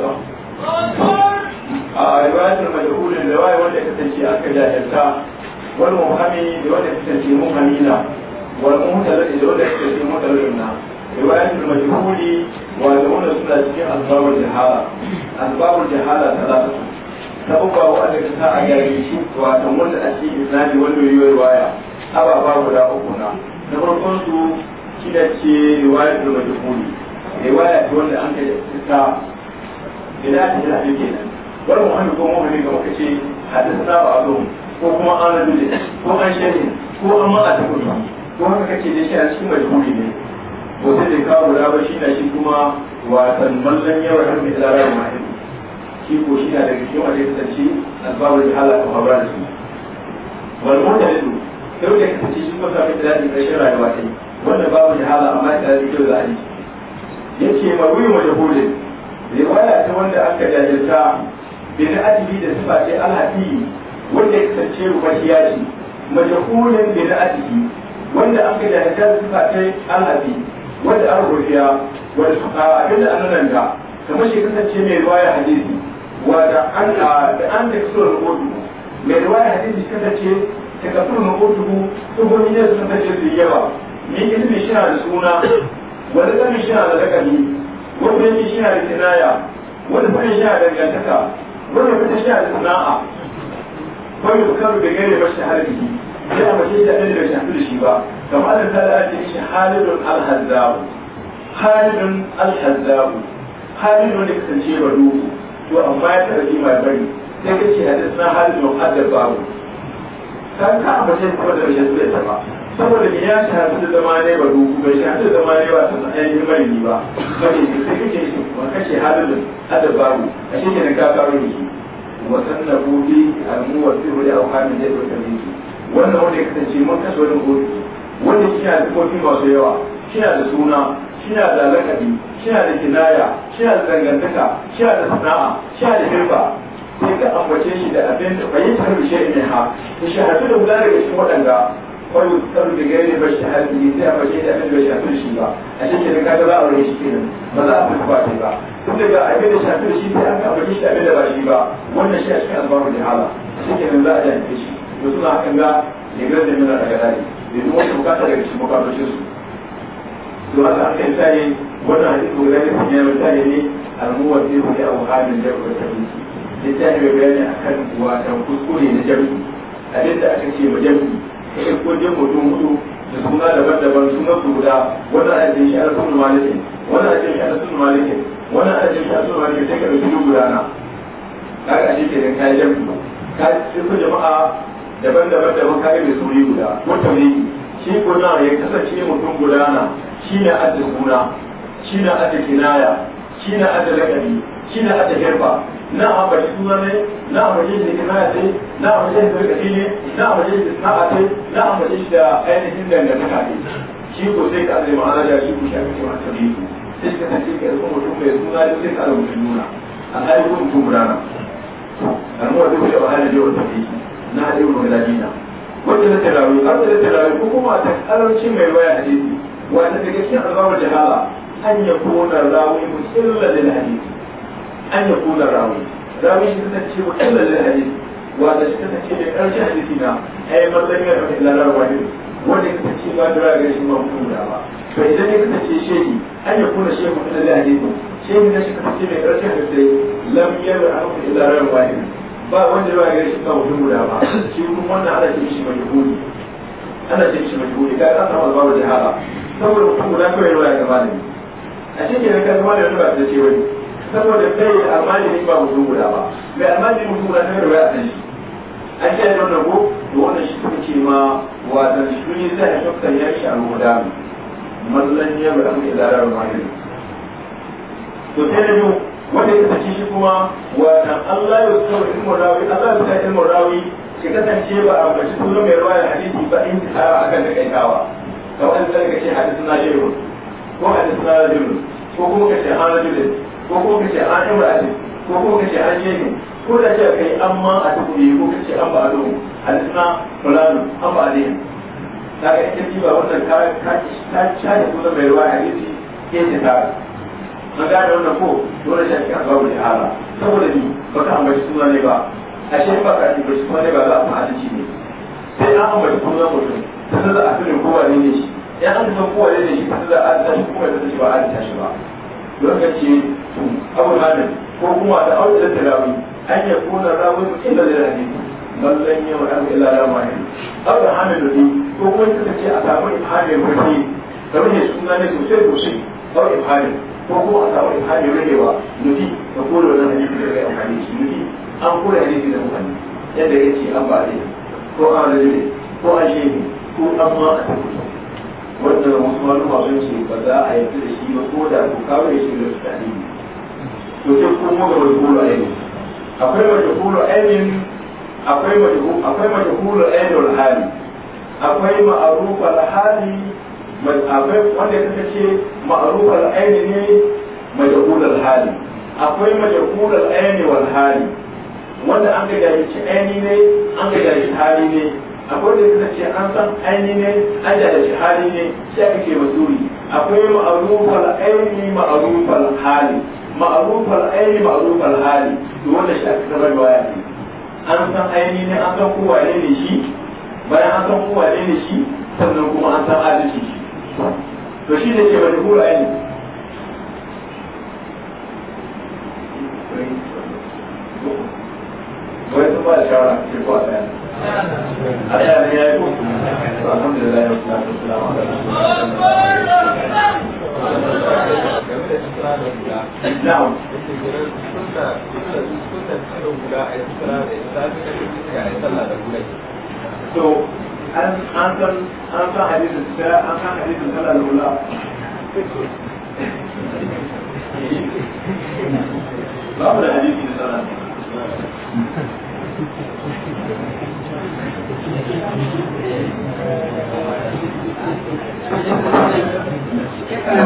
a riwayatul majhul da riwaya wanda ya kasance aka jahilta wal muhammini da wanda ya kasance muhammina wato mutane da wanda yake cikin mutane na riwayat al-majhuli wa yawna suna cikin asbabu jahala asbabu jahala talata ta uku wa da ta a gari shi wato wanda ake isnadi wanda yayi riwaya ababa guda uku na na farkon su shi da ce riwayat al-majhuli riwaya ta wanda an ka ta ila ta ila yake nan wannan wani ko mu ne ga wuce ce hadisi na ba ko kuma an rubuta ko an shehin ko amma a tabbata ko haka kake da shi a cikin majhuli ne to sai da kawo da ba shi na shi kuma wasan mallan yawar har da tsara ma shi ko shi na daga cikin wanda ya tsanci albabu da halaka fara da su wal mutalidu sai da kace shi ko sai da dadi rashin rayuwa kai wanda babu da hala amma da dadi kyau da ali yace marwi majhulin riwaya ta wanda aka jajirta bin adibi da sifa ce alhafi wanda ya kasance ruwa ya ce majhulin bin adibi wanda an ga jahilta su ta kai alabi wanda an rufiya wanda abin da an nan ga kamar shi kasance mai ruwaya hadisi wanda an da an da kusur rubutu mai ruwaya hadisi kasance ta kafin rubutu tsohon ne sun kasance su yawa ni ilimi shi na da suna wani kami shi na da lakami wanda mai shi na da kinaya wani fadin shi da gantaka wanda fadin shi na da sana'a wani bukaru da gane mashi harbi sai a mace da ɗan da shafi da shi ba kamar da tara ce shi halidun alhazzabu halidun alhazzabu halidun da kasance ba duhu to amma ya tarafi mai bari sai ka ce hadis na halidun alhazzabu kan ka a mace da da shafi da ta ba saboda me ya shafi da zama ne ba duhu bai shafi da zama ne ba ta ainihin mai ni ba mace da sai ka ce shi kuma kashe halidun alhazzabu a shi ne na ka karo ne wasan na buɗe al'ummar tsibirai a kwanin da ya ɗauka ne wannan wanda ya kasance mun kashe wani gobe wanda shi da kofi masu yawa shi da suna shi da lakabi shi da kinaya shi da dangantaka shi da sana'a shi da hirba sai ka ambace shi da abin da shi ta shi ne ha to shi hatu da guda daga shi waɗanda wani tsaro da gare ne ba shi hatu ne sai ambace da abin da bai shafi shi ba a shi kenan kada za a rage shi kenan ba za a fi ba shi ba duk daga abin da shafi shi sai an ambace shi da abin da ba shi ba wannan shi a cikin albamu da hala shi kenan za a yanke shi to suna kan ga legar da nuna daga dare domin wata bukata daga cikin bukatocin su to haka aka yi tayi wannan hadisi guda ne kuma yawon tayi ne al'ummar zai hudu abu halin da ya kuwa ta biki ya tayi bai bayani a kan kuwa watan kuskure na jami'i abin da aka ce ma jami'i ta ko jami'i mutum hudu da suna daban-daban suna su guda wannan ajin shi alfun malikin wannan ajin shi alfun malikin wannan ajin shi alfun malikin sai ka ɗauki duk gudana kaga a shi ke ka yi jami'i ka ce jama'a daban-daban da makayi mai sauri guda mutane shi kuna ya kasance mutum gudana shi na adda suna shi na adda kinaya shi na adda lagari shi na adda hirba na ambaci suna ne na ambaci da kinaya ce na ambaci da lagari ne na ambaci da sa'a ce na ambaci da ainihin dangantaka ne shi ko sai ka azai ma'ana da shi ku shafi cewa ta biyu sai ka kasance ka zama mutum mai suna da sai ka zama mutum nuna a ayyukan mutum gudana. Almuwa duk da wahala da yawan tafi na irin madina wanda na tarawi an da tarawi ko kuma ta karanci mai waya a hadisi wanda daga cikin azamar jahala an ya kona rawi mutilla lil hadisi an ya kona rawi rawi shi ta ce mutilla lil hadisi wanda shi ta ce da karshe hadisi na ai mallan ya rafi lalar wani wanda ya ce ba da ga shi ma mutum da ba to idan ya kasance shehi an ya kona shehu mutilla lil hadisi shehi na shi ta ce da karshe hadisi lam yara an illa ran wani ba wanda ba ya shi kawo jin guda ba shi kuma wannan ana ce shi mai gudi ana ce shi mai gudi ka san Allah babu jihada saboda mutum guda kawai ruwa ya gaba da ni a cikin kan kuma da ruwa da ce wani saboda kai almani ne ba mutum guda ba mai almani mutum guda kawai ruwa a san shi an ce da wannan ko da wannan shi kuma ce ma watan shi ne zai shafta ya shi a al-mudamu mallan ya da amma ya da ruwa ne to sai da wanda ya kasance shi kuma wannan Allah ya tsawar ilmin rawi Allah ya rawi shi kasance ba a bashi tuno mai rawa da hadisi ba in ta akan da da ka ce hadisin na yau ko na yau ko kuma ka ce an rajulin ko kuma ka ce an imra'atin ko kuma ka ce an yemin ko da ce kai amma a tukuri ko ka ce an ba a domin hadisin na fulani an ba a dinin ta ga ita ba wannan ta ta ta ta ta ta ta ta ta ta ta ta ka gane wannan ko dole shi ake azabu da ala saboda ni ka ambaci suna ne ba a shi ba ka ambaci suna ne ba za a fahimci shi ne sai an ambaci suna mutum sannan za a fi kowa ne ne shi ya an san kowa ne ne shi sannan za a adana shi kuma da shi ba a adana shi ba don ka ce abu hannun ko kuma da aure da tirawi an yi kuna rawin mutum da zai hadisi mallan yau da ila ramani abu hannun da ko kuma ta ce a samu ibhamin mutum da wani suna ne sosai sosai abu ibhamin ko ko a samu hali rage ba nufi da kore wannan hadisi da kai amfani shi nufi an kore hadisi da amfani yadda ya ce an bare ko an rage ko an shehi ko an ma a tafi wanda wasu maluma sun ce ba za a yarda da shi ba ko da ko kawo ya shi da su tani to sai kuma ga majhulu aini akwai majhulu aini akwai majhulu akwai majhulu aini hali akwai ma'ruf al hali akwai wanda ya kace ma'rufal aini ne al hali akwai al aini wal hali wanda an ga jahilci aini ne an ga jahilci hali ne akwai da ce an san aini ne an jahilci hali ne sai aka mazuri akwai ma'rufal aini ma'rufal hali ma'rufal aini ma'rufal hali to wanda shi aka zama riwaya ne an san aini ne an san kowa ne shi bayan an san kowa ne shi sannan kuma an san adalci to shi ne ke wani huru aini wani sun ba da shawara ke a a tsaya ne ya yi ko to alhamdulillah ya wasu lafi wasu lafi Na'am. So, an an san an san hadisin da an san hadisin kala lula babu da hadisi da sana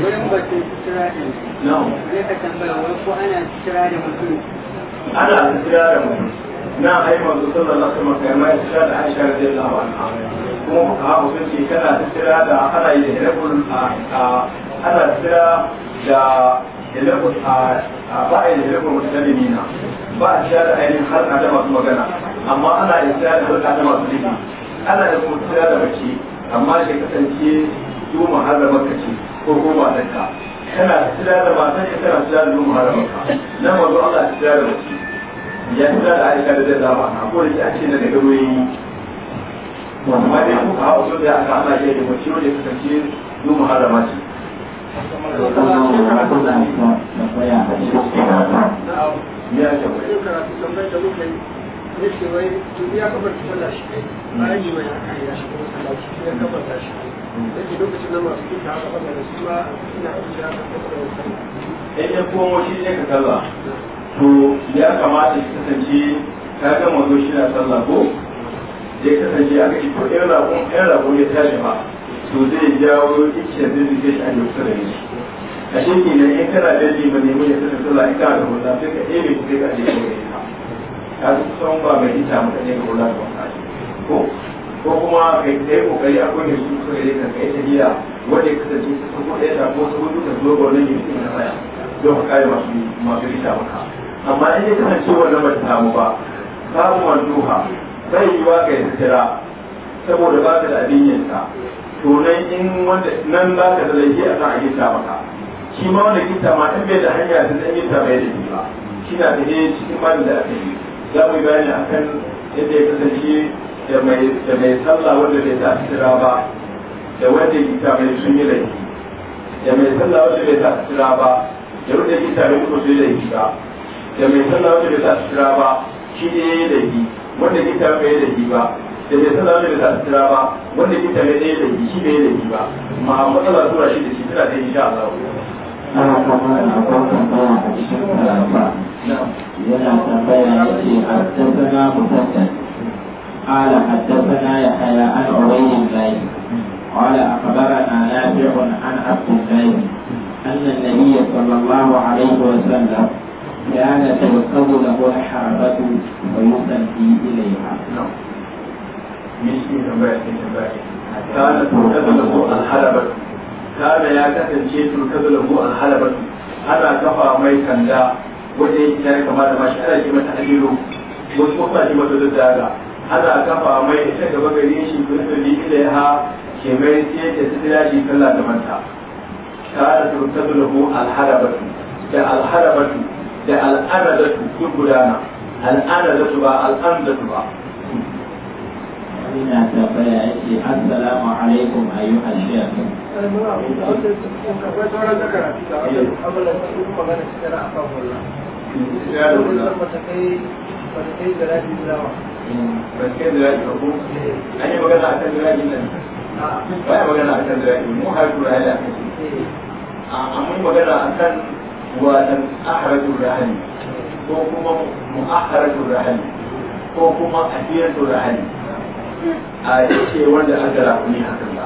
wurin batun sutura din zai ka tambaya wai ko ana sutura da mutum ana sutura da mutum na ai manzo sallallahu alaihi wasallam kai mai sha da Aisha radiyallahu anha kuma haka sun ce kana tsira da ana yi da rabul a ana tsira da rabul a ba a ai da rabul na ba a sha da har na da masu magana amma ana yi tsira da halka da masu liki ana yi kuma tsira da mace amma shi kasance su muharramarka makaci ko kuma da ka kana tsira da ka kana tsira da muharramarka na mazo Allah tsira da mace ya fi da Aisha da zai zama a kowace a ce na daga wuri wanda ma dai kuka hawa sun da aka ana iya da mace wanda ya kasance yi muharrama ce ya ce shi yi ya shiga shi lokacin da masu ka to ya kamata ya kasance ka ga mazo shi na sallah ko ya kasance aka ce to ɗan rabon ɗan rabon ya tashi ma to zai jawo ikkiyar zai zai shi a yau kusa shi a shi ke nan in kana da jima ne mun ya kasance sallah in kana da hula sai ka ɗebe ku sai ka je ka wuri ka ka su kusan ba mai ita mu ɗaya ka hula ba ka ko ko kuma kai kai kokari a ne su ko da ka kai tafiya wanda ya kasance kusan ko ɗaya ta ko su hudu da zuwa gwamnati ne na saya don ka kare masu masu rita maka amma in ya kasance wannan ba ta samu ba samu wanduha bai yi wa ga tsira saboda ba ka da abin yinta to nan in wanda nan ba ka da laifi a kan a gita maka shi ma wanda gita ma in bai da hanya da dan gita bai da ba shi na tafiye cikin ba da aka yi za mu yi bayani akan yadda ya kasance da mai sallah wanda bai ta tsira ba da wanda gita mai sun yi laifi da mai sallah wanda bai ta tsira ba da wanda gita mai kuma sun yi laifi ba da mai sallah wanda bai sa sutura ba shi ne ya yi laifi wanda kita bai yi laifi ba da mai sallah wanda bai sa sutura ba wanda kita bai yi laifi shi bai yi laifi ba ma matsala tura shi da shi tana da insha Allah ana kama na kwakwan baya a cikin karamba yana tambaya ya ce haddasa mutattan قال حدثنا يحيى عن عبيد الله قال اخبرنا نافع عن عبد الله ان النبي صلى الله عليه وسلم والحربة ويستمشي إليها mishi tambaya ce tambaya kana tutazalamu alhalabat kana ya kasance tutazalamu alhalabat ana kafa mai kanda wanda yake kama da mashi ana ce mata wasu kuma ce mata daddaga ana kafa mai da ta gaba gare shi kullu ilaiha ke mai sai ta tsira shi kallon da manta da da al'anadatu duk gudana al'anadatu ba al'amdatu ba ina tambaya yake assalamu alaikum ayyuhal shaykh magana akan wadan ahrajul rahani ko kuma mu'ahrajul rahani ko kuma ahiyatul rahani a ce wanda aka rakuni hakan ba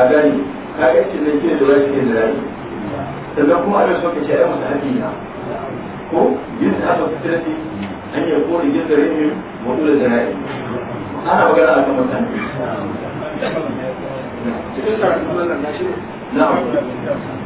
a gani ka ga ce da ke da wani da rai sannan kuma ana so ka ce ai masa ko yin aka an yin da da ana a kan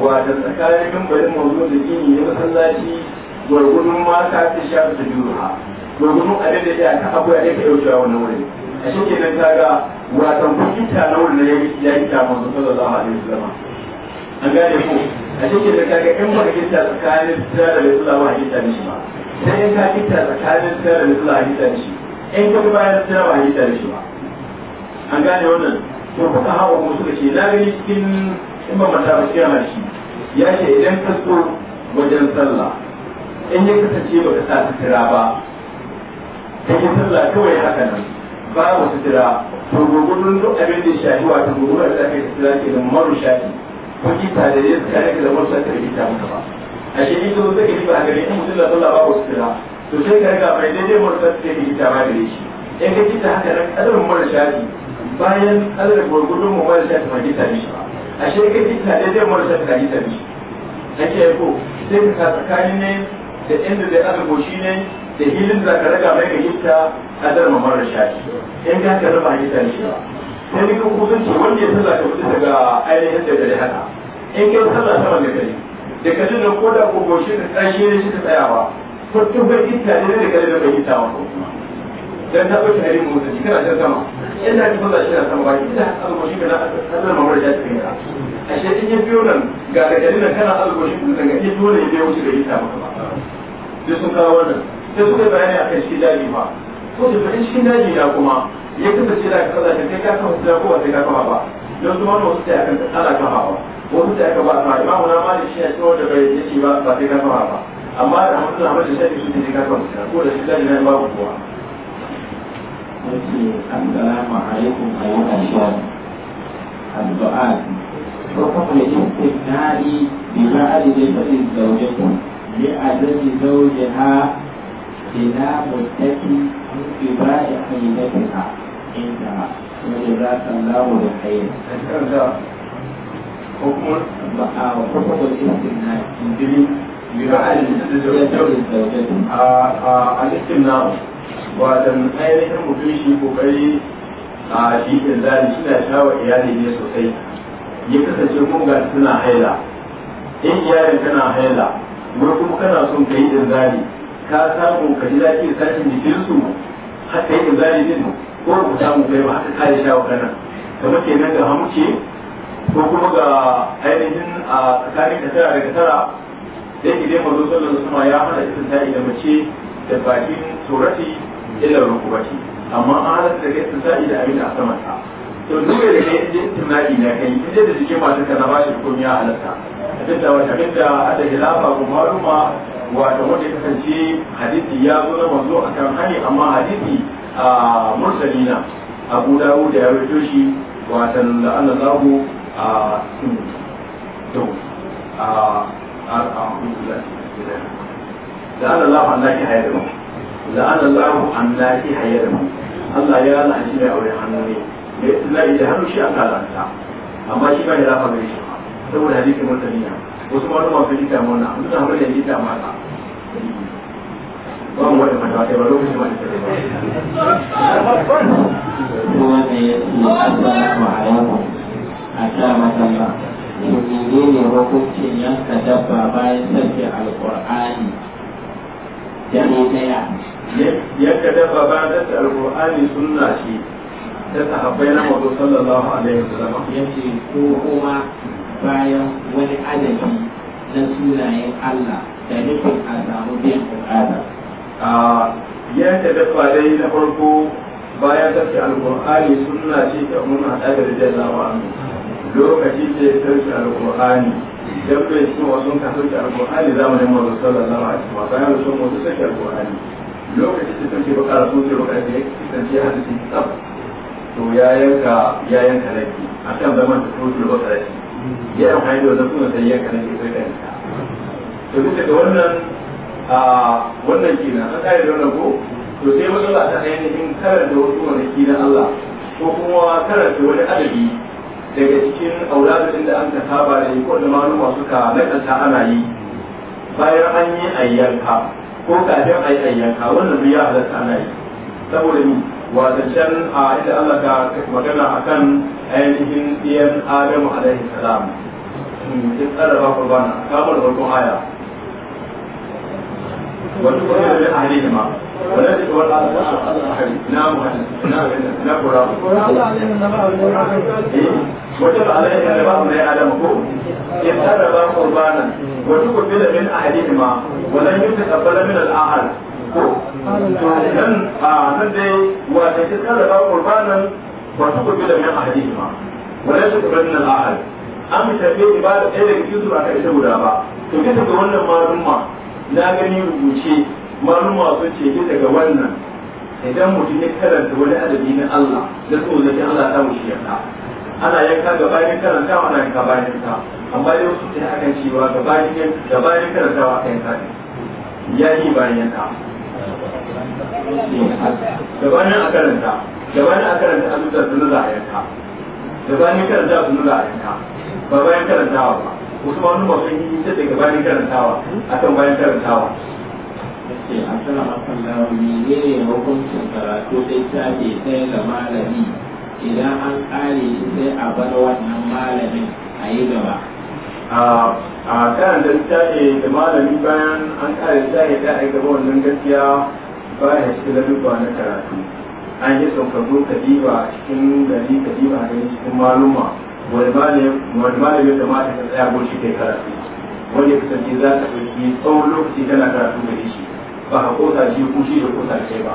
wa tsakanin mimbarin mawzu da gini ya masallaci gwargudun mata ta shafi ta juruha gwargudun adadin da ya ka abuwa da ka yaucewa wannan wurin a shi ke nan kaga watan kukinta na wurin da ya yi ta masu sallallahu alaihi wasallam an gane ko a shi ke nan kaga in ba kinta tsakanin sira da bai sulawa a kinta shi ba sai in ka kinta tsakanin sira da bai sulawa a kinta shi? in ka bi bayan sira ba a kinta shi ba an gane wannan to kuka hawa musu da ke na gani cikin in ba mata ba kiyama shi ya ce idan ka so wajen sallah in ya kasance ba ka sa sutura ba ka yi sallah kawai haka nan ba sutura to gurgurun duk abin da shafi wato gurgurun da aka yi sutura ke nan maru shafi ko kita da ya tsaya da kalmar sa ta muka ba a shi ita zo take ba gare in mutum da ba babu sutura to sai ka riga mai daidai maru sa ta rikita ma da shi in ka kita haka nan kadarin maru shafi bayan kadarin gurgurun mu maru shafi ma kita ne shi ba a shekin titna ɗaya zai ta shafi gari tabi na ke ko sai ka tsakanin ne da inda zai aka shi ne da hilin da ka raga mai ta a zarma mara shafi in ka ka raba yi ne shi sai ni kusan ce wanda ya sallah ka fita daga ainihin da dare haka in ka sallah sama da kai da ka jin ko da ko goshi da ƙarshe ne shi ka tsayawa ko tun bai ita ne da kai da bai ita ba dan na bar tare mu da kana da sama in da kuma shi na sama ba shi da alƙoshi kana Allah ma warja ta kinka a shi in ya biyo nan ga ga dalilin kana alƙoshi da daga shi dole ya biyo shi da ita ba sun kawo wannan sai suka bayani akan shi daji ba ko da bayan cikin daji da kuma ya kasance da ka kaza kai ka kawo da kowa sai ka kawo ba don su wani wasu sai akan ala ka ba wasu sai ba a na shi wanda bai ba ba sai ka kawo ba amma da hamdu na hamdu da shi ne su ne ka kawo ko da shi daji na babu yake assalamu alaikum ayyukan shan addu'a ko kuma istimna'i bi ma'adi da fadi zaujakum li adadi zaujaha ila muttaki min ibai hayyatiha inda jazakallahu bi khair ko kuma addu'a wa kuma istimna'i bi ma'adi da zaujakum a a al-istimna'u wadan ainihin mutum shi kokari a shi zari suna shawa iyali ne sosai ya kasance kun ga suna haila in iyalin kana haila wai kuma kana son ka yi ɗin zari ka samu ka ji zafi sashen su har ka yi ɗin zari din ko ku samu kai ba haka kare shawa kana kamar nan ga hamuce ko kuma ga ainihin a tsakanin kasara da kasara da ke dai mazo sallallahu alaihi ya hana isin ta'i da mace da bakin surati ila rukubati amma an da kai sa'i da abin a saman sa to dole da kai idan tunani na kai idan da jikin masu kana ba shi komai a halatta da wata abin da ada hilafa ko maluma wato wanda ya kasance hadisi ya zo na manzo akan hani amma hadisi a mursalina abu dawo da ya rito shi da la'ana zahu a to a a a la'ana Allah an laki hayar mu la'ana Allah an laki hayar mu Allah ya lalace mai aure hannu ne mai tsillahi da hannu shi an kalanta amma shi ba ya lafa gare shi saboda hadisin mutaniya wasu ma ruwan fi jita mana mutum hamar da jita mana ba mu wani mata sai ba lokacin ma da ta ba. a ne hukuncin yanka dabba bayan sauke alkur'ani. yadda dabba ba da ta alƙur'ani sunna ce ta sahabbai na mazo sallallahu alaihi wasallam yace ko kuma bayan wani adadi na sunayen Allah da nufin a samu biyan bukata yadda dabba dai na farko bayan ta ce alƙur'ani sunna ce ta mun hada da rijiyar lawa lokaci ce ta ce alƙur'ani idan bai cewa sun kasu da alƙur'ani zamanin manzo sallallahu alaihi wa sallam sun mutu sake alƙur'ani lokacin da suke bukara sun ce bukara da ya kasance hadisi tsaf to ya yanka ya yanka laifi a kan zaman da tutu ba karashi ya yi amfani da wannan suna sai yanka laifi sai kan ta to duk da wannan a wannan kenan an kare da wannan ko to sai matsala ta ainihin karanta wasu wani na Allah ko kuma karanta wani adabi daga cikin auladin da an ka saba da yi ko da maluma suka ta ana yi bayan an yi ayyanka ko kafin a yi ayyanka wannan duk ya halatta ana yi saboda ni wadancan a inda Allah ka magana akan ainihin ɗiyan Adamu alaihi salam hmm, in tsara ba ku bana kamar farkon aya والقرآن عليهما ولا تقول على أحد نعم نعم نعم وجب عليه الرباء ما يعلمه يحترم قربانا وتقبل من أحدهما ولن يتقبل من الآخر nan a nan dai wata ta sarrafa qurbanan wa tuqbila min ahadihima wa la tuqbala min al-ahad am tafi ibada ɗaya daga cikin ba ta ita guda ba to kisa ga wannan malumma na gani rubuce maluma sun ce bisa daga wannan idan mutum ya karanta wani adabi na Allah da so da Allah ta mu yarda ana yanka ga bayan karanta nan ka bayan ta amma yau su sai akan cewa ga bayan ga bayan karanta wa kan ta ya yi bayan ta gabanin a karanta gabanin a karanta a zuta sunu za a yanka gabanin karanta sunu za a yanka ba bayan karantawa ba wasu wani masu yi ta daga bayan karantawa a kan bayan karantawa ce a sana masallawa ne ne hukuncin karatu sai ta ke sai ga malami idan an kare sai a bar wannan malamin a yi gaba a kan da ta da malami bayan an kare ta ke ta gaba wannan gaskiya ya cikin lalubba na karatu an yi sauka zo kadiba cikin gari kadiba ne cikin maluma wani malami da mata ta tsaya goshi kai karatu wani kasance za ta ɗauki tsawon lokaci tana karatu da shi ba ka kosa shi ko shi da kosa ce ba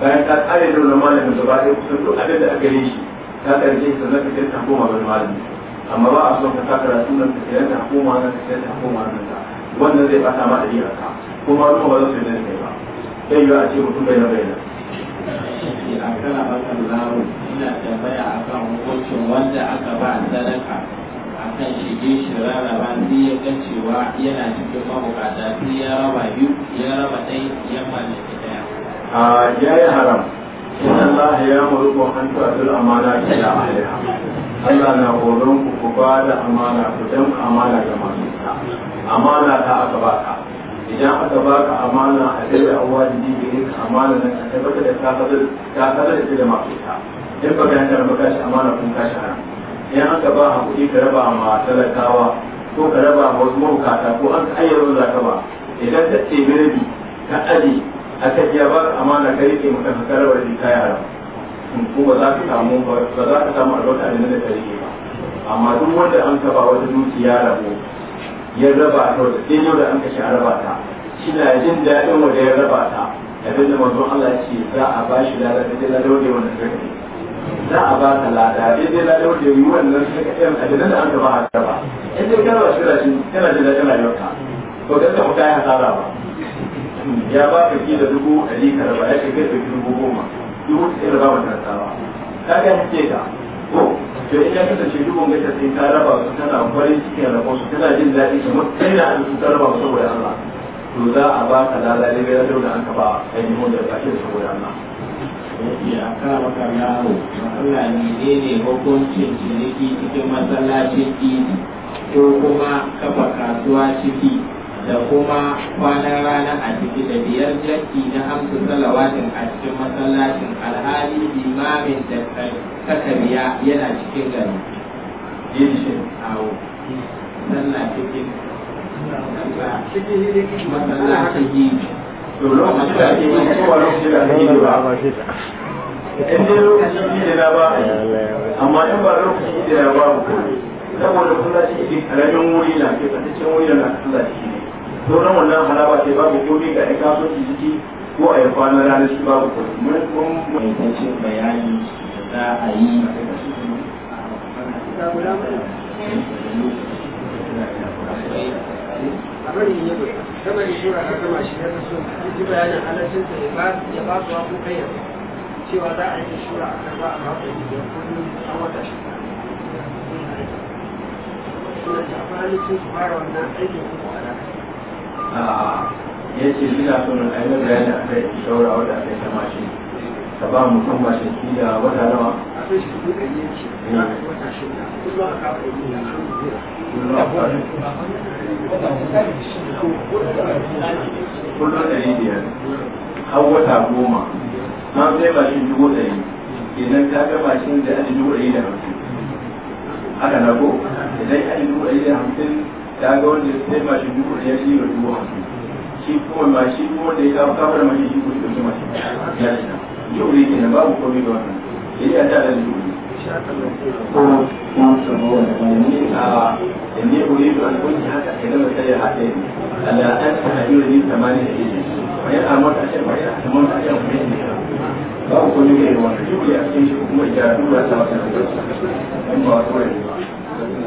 bayan ta tsare da wani malami da ba ɗaya kusan duk abin da aka yi shi ta karshe shi sannan ka ta koma wani malami amma ba a son ka sa karatu nan ka ce ta koma nan ka ce ta koma nan ka wannan zai ba bata ma ɗabi'arka kuma ruwa ba za su yi nan ba sai yiwa a ce mutum bai na bai na a kana bakan laro ina tambaya akan hukuncin wanda aka ba sadaka akan shige shi rarraba sai ya ga cewa yana cikin mabukata sai ya raba biyu ya raba ɗai ya mallaki ɗaya. a ya yi haram in Allah ya muru ko hantu a dul amana ke da alaiha Allah na horon ku ku ba da amana ku dan amana ga masu amana ta aka ba ka idan aka baka amana a dai da awajibi gare ka amana nan ka tabbata da ka fadar ka fadar da da masu ta in baka yanka da baka shi amana kun ka shi haram idan aka ba a kuɗi ka raba ma talakawa ko ka raba ma wasu mabukata ko an ayyana za ka ba idan ka ce rabi ka aje ka biya ba amana ka rike maka ka karbar da ka haram ko ba za ka samu ba za ka samu albarka da nan da ka rike ba amma duk wanda an ka ba wata dukiya rabo ya raba ta da dai yau da an kashe a raba ta na jin daɗin wanda ya raba ta abin da manzon Allah ce za a ba shi lada da dai lada wanda wannan suka za a ba ta lada dai dai lada wanda yi wannan suka a adadin da an gaba a raba in dai kana shi shi kana jin daɗin rayuwarka to gaskiya mu kai hasara ba ya ba ka da dubu ɗari ka raba ya shiga da dubu goma dubu ɗari ba ta ba kaga ta ce ka to in ya kasance duk wanda ta sai ta raba su tana farin cikin rabon su tana jin daɗi kamar kai da su ta raba saboda Allah to za a ba ka lalale ga da aka ba ainihin da kake saboda Allah ya aka maka yaro Allah ne ne ne hukuncin ciniki cikin masallacin idi ko kuma kafa kasuwa ciki da kuma kwanan rana a ciki da biyar jakki na hamsin salawatin a cikin masallacin alhali limamin da takariya yana cikin gari jinshin awo sallah cikin yi in dai ba amma in ba ba saboda sauran wannan haraba ce babu komai ga ɗan su ciki ko a yi kwana ranar shi babu komai mun kun maimaitaccen bayani da za a yi cewa za a yi shura a kan a mafi da kudin a wata shi da da fara wannan aikin kuma ya ce ina so na ainihin bayani a kai shawara wadda aka yi ta mashin ka ba mu kan mashin kila wata nawa kullum ɗari biyar har wata goma na sai mashin dubu ɗari idan ka ga mashin da aji dubu ɗari da hamsin haka na ko idan aji dubu ɗari da hamsin ta ga wanda ya sai mashi dubu ya shi da dubu hamsin shi kuma ma shi kuma da ya kafar mashi shi kuma da mashi ya shi na yau babu komai da wannan ya yi ta da dubu ko na sabo da wani a ne uridu an kunti haka idan ka yi haka ne ala an ta hadiru ni tamani da yake wani amurka ce wani amurka ce wani ne babu ko ne wanda ko ya cikin shi kuma ya duba ta wata da in ba wata wani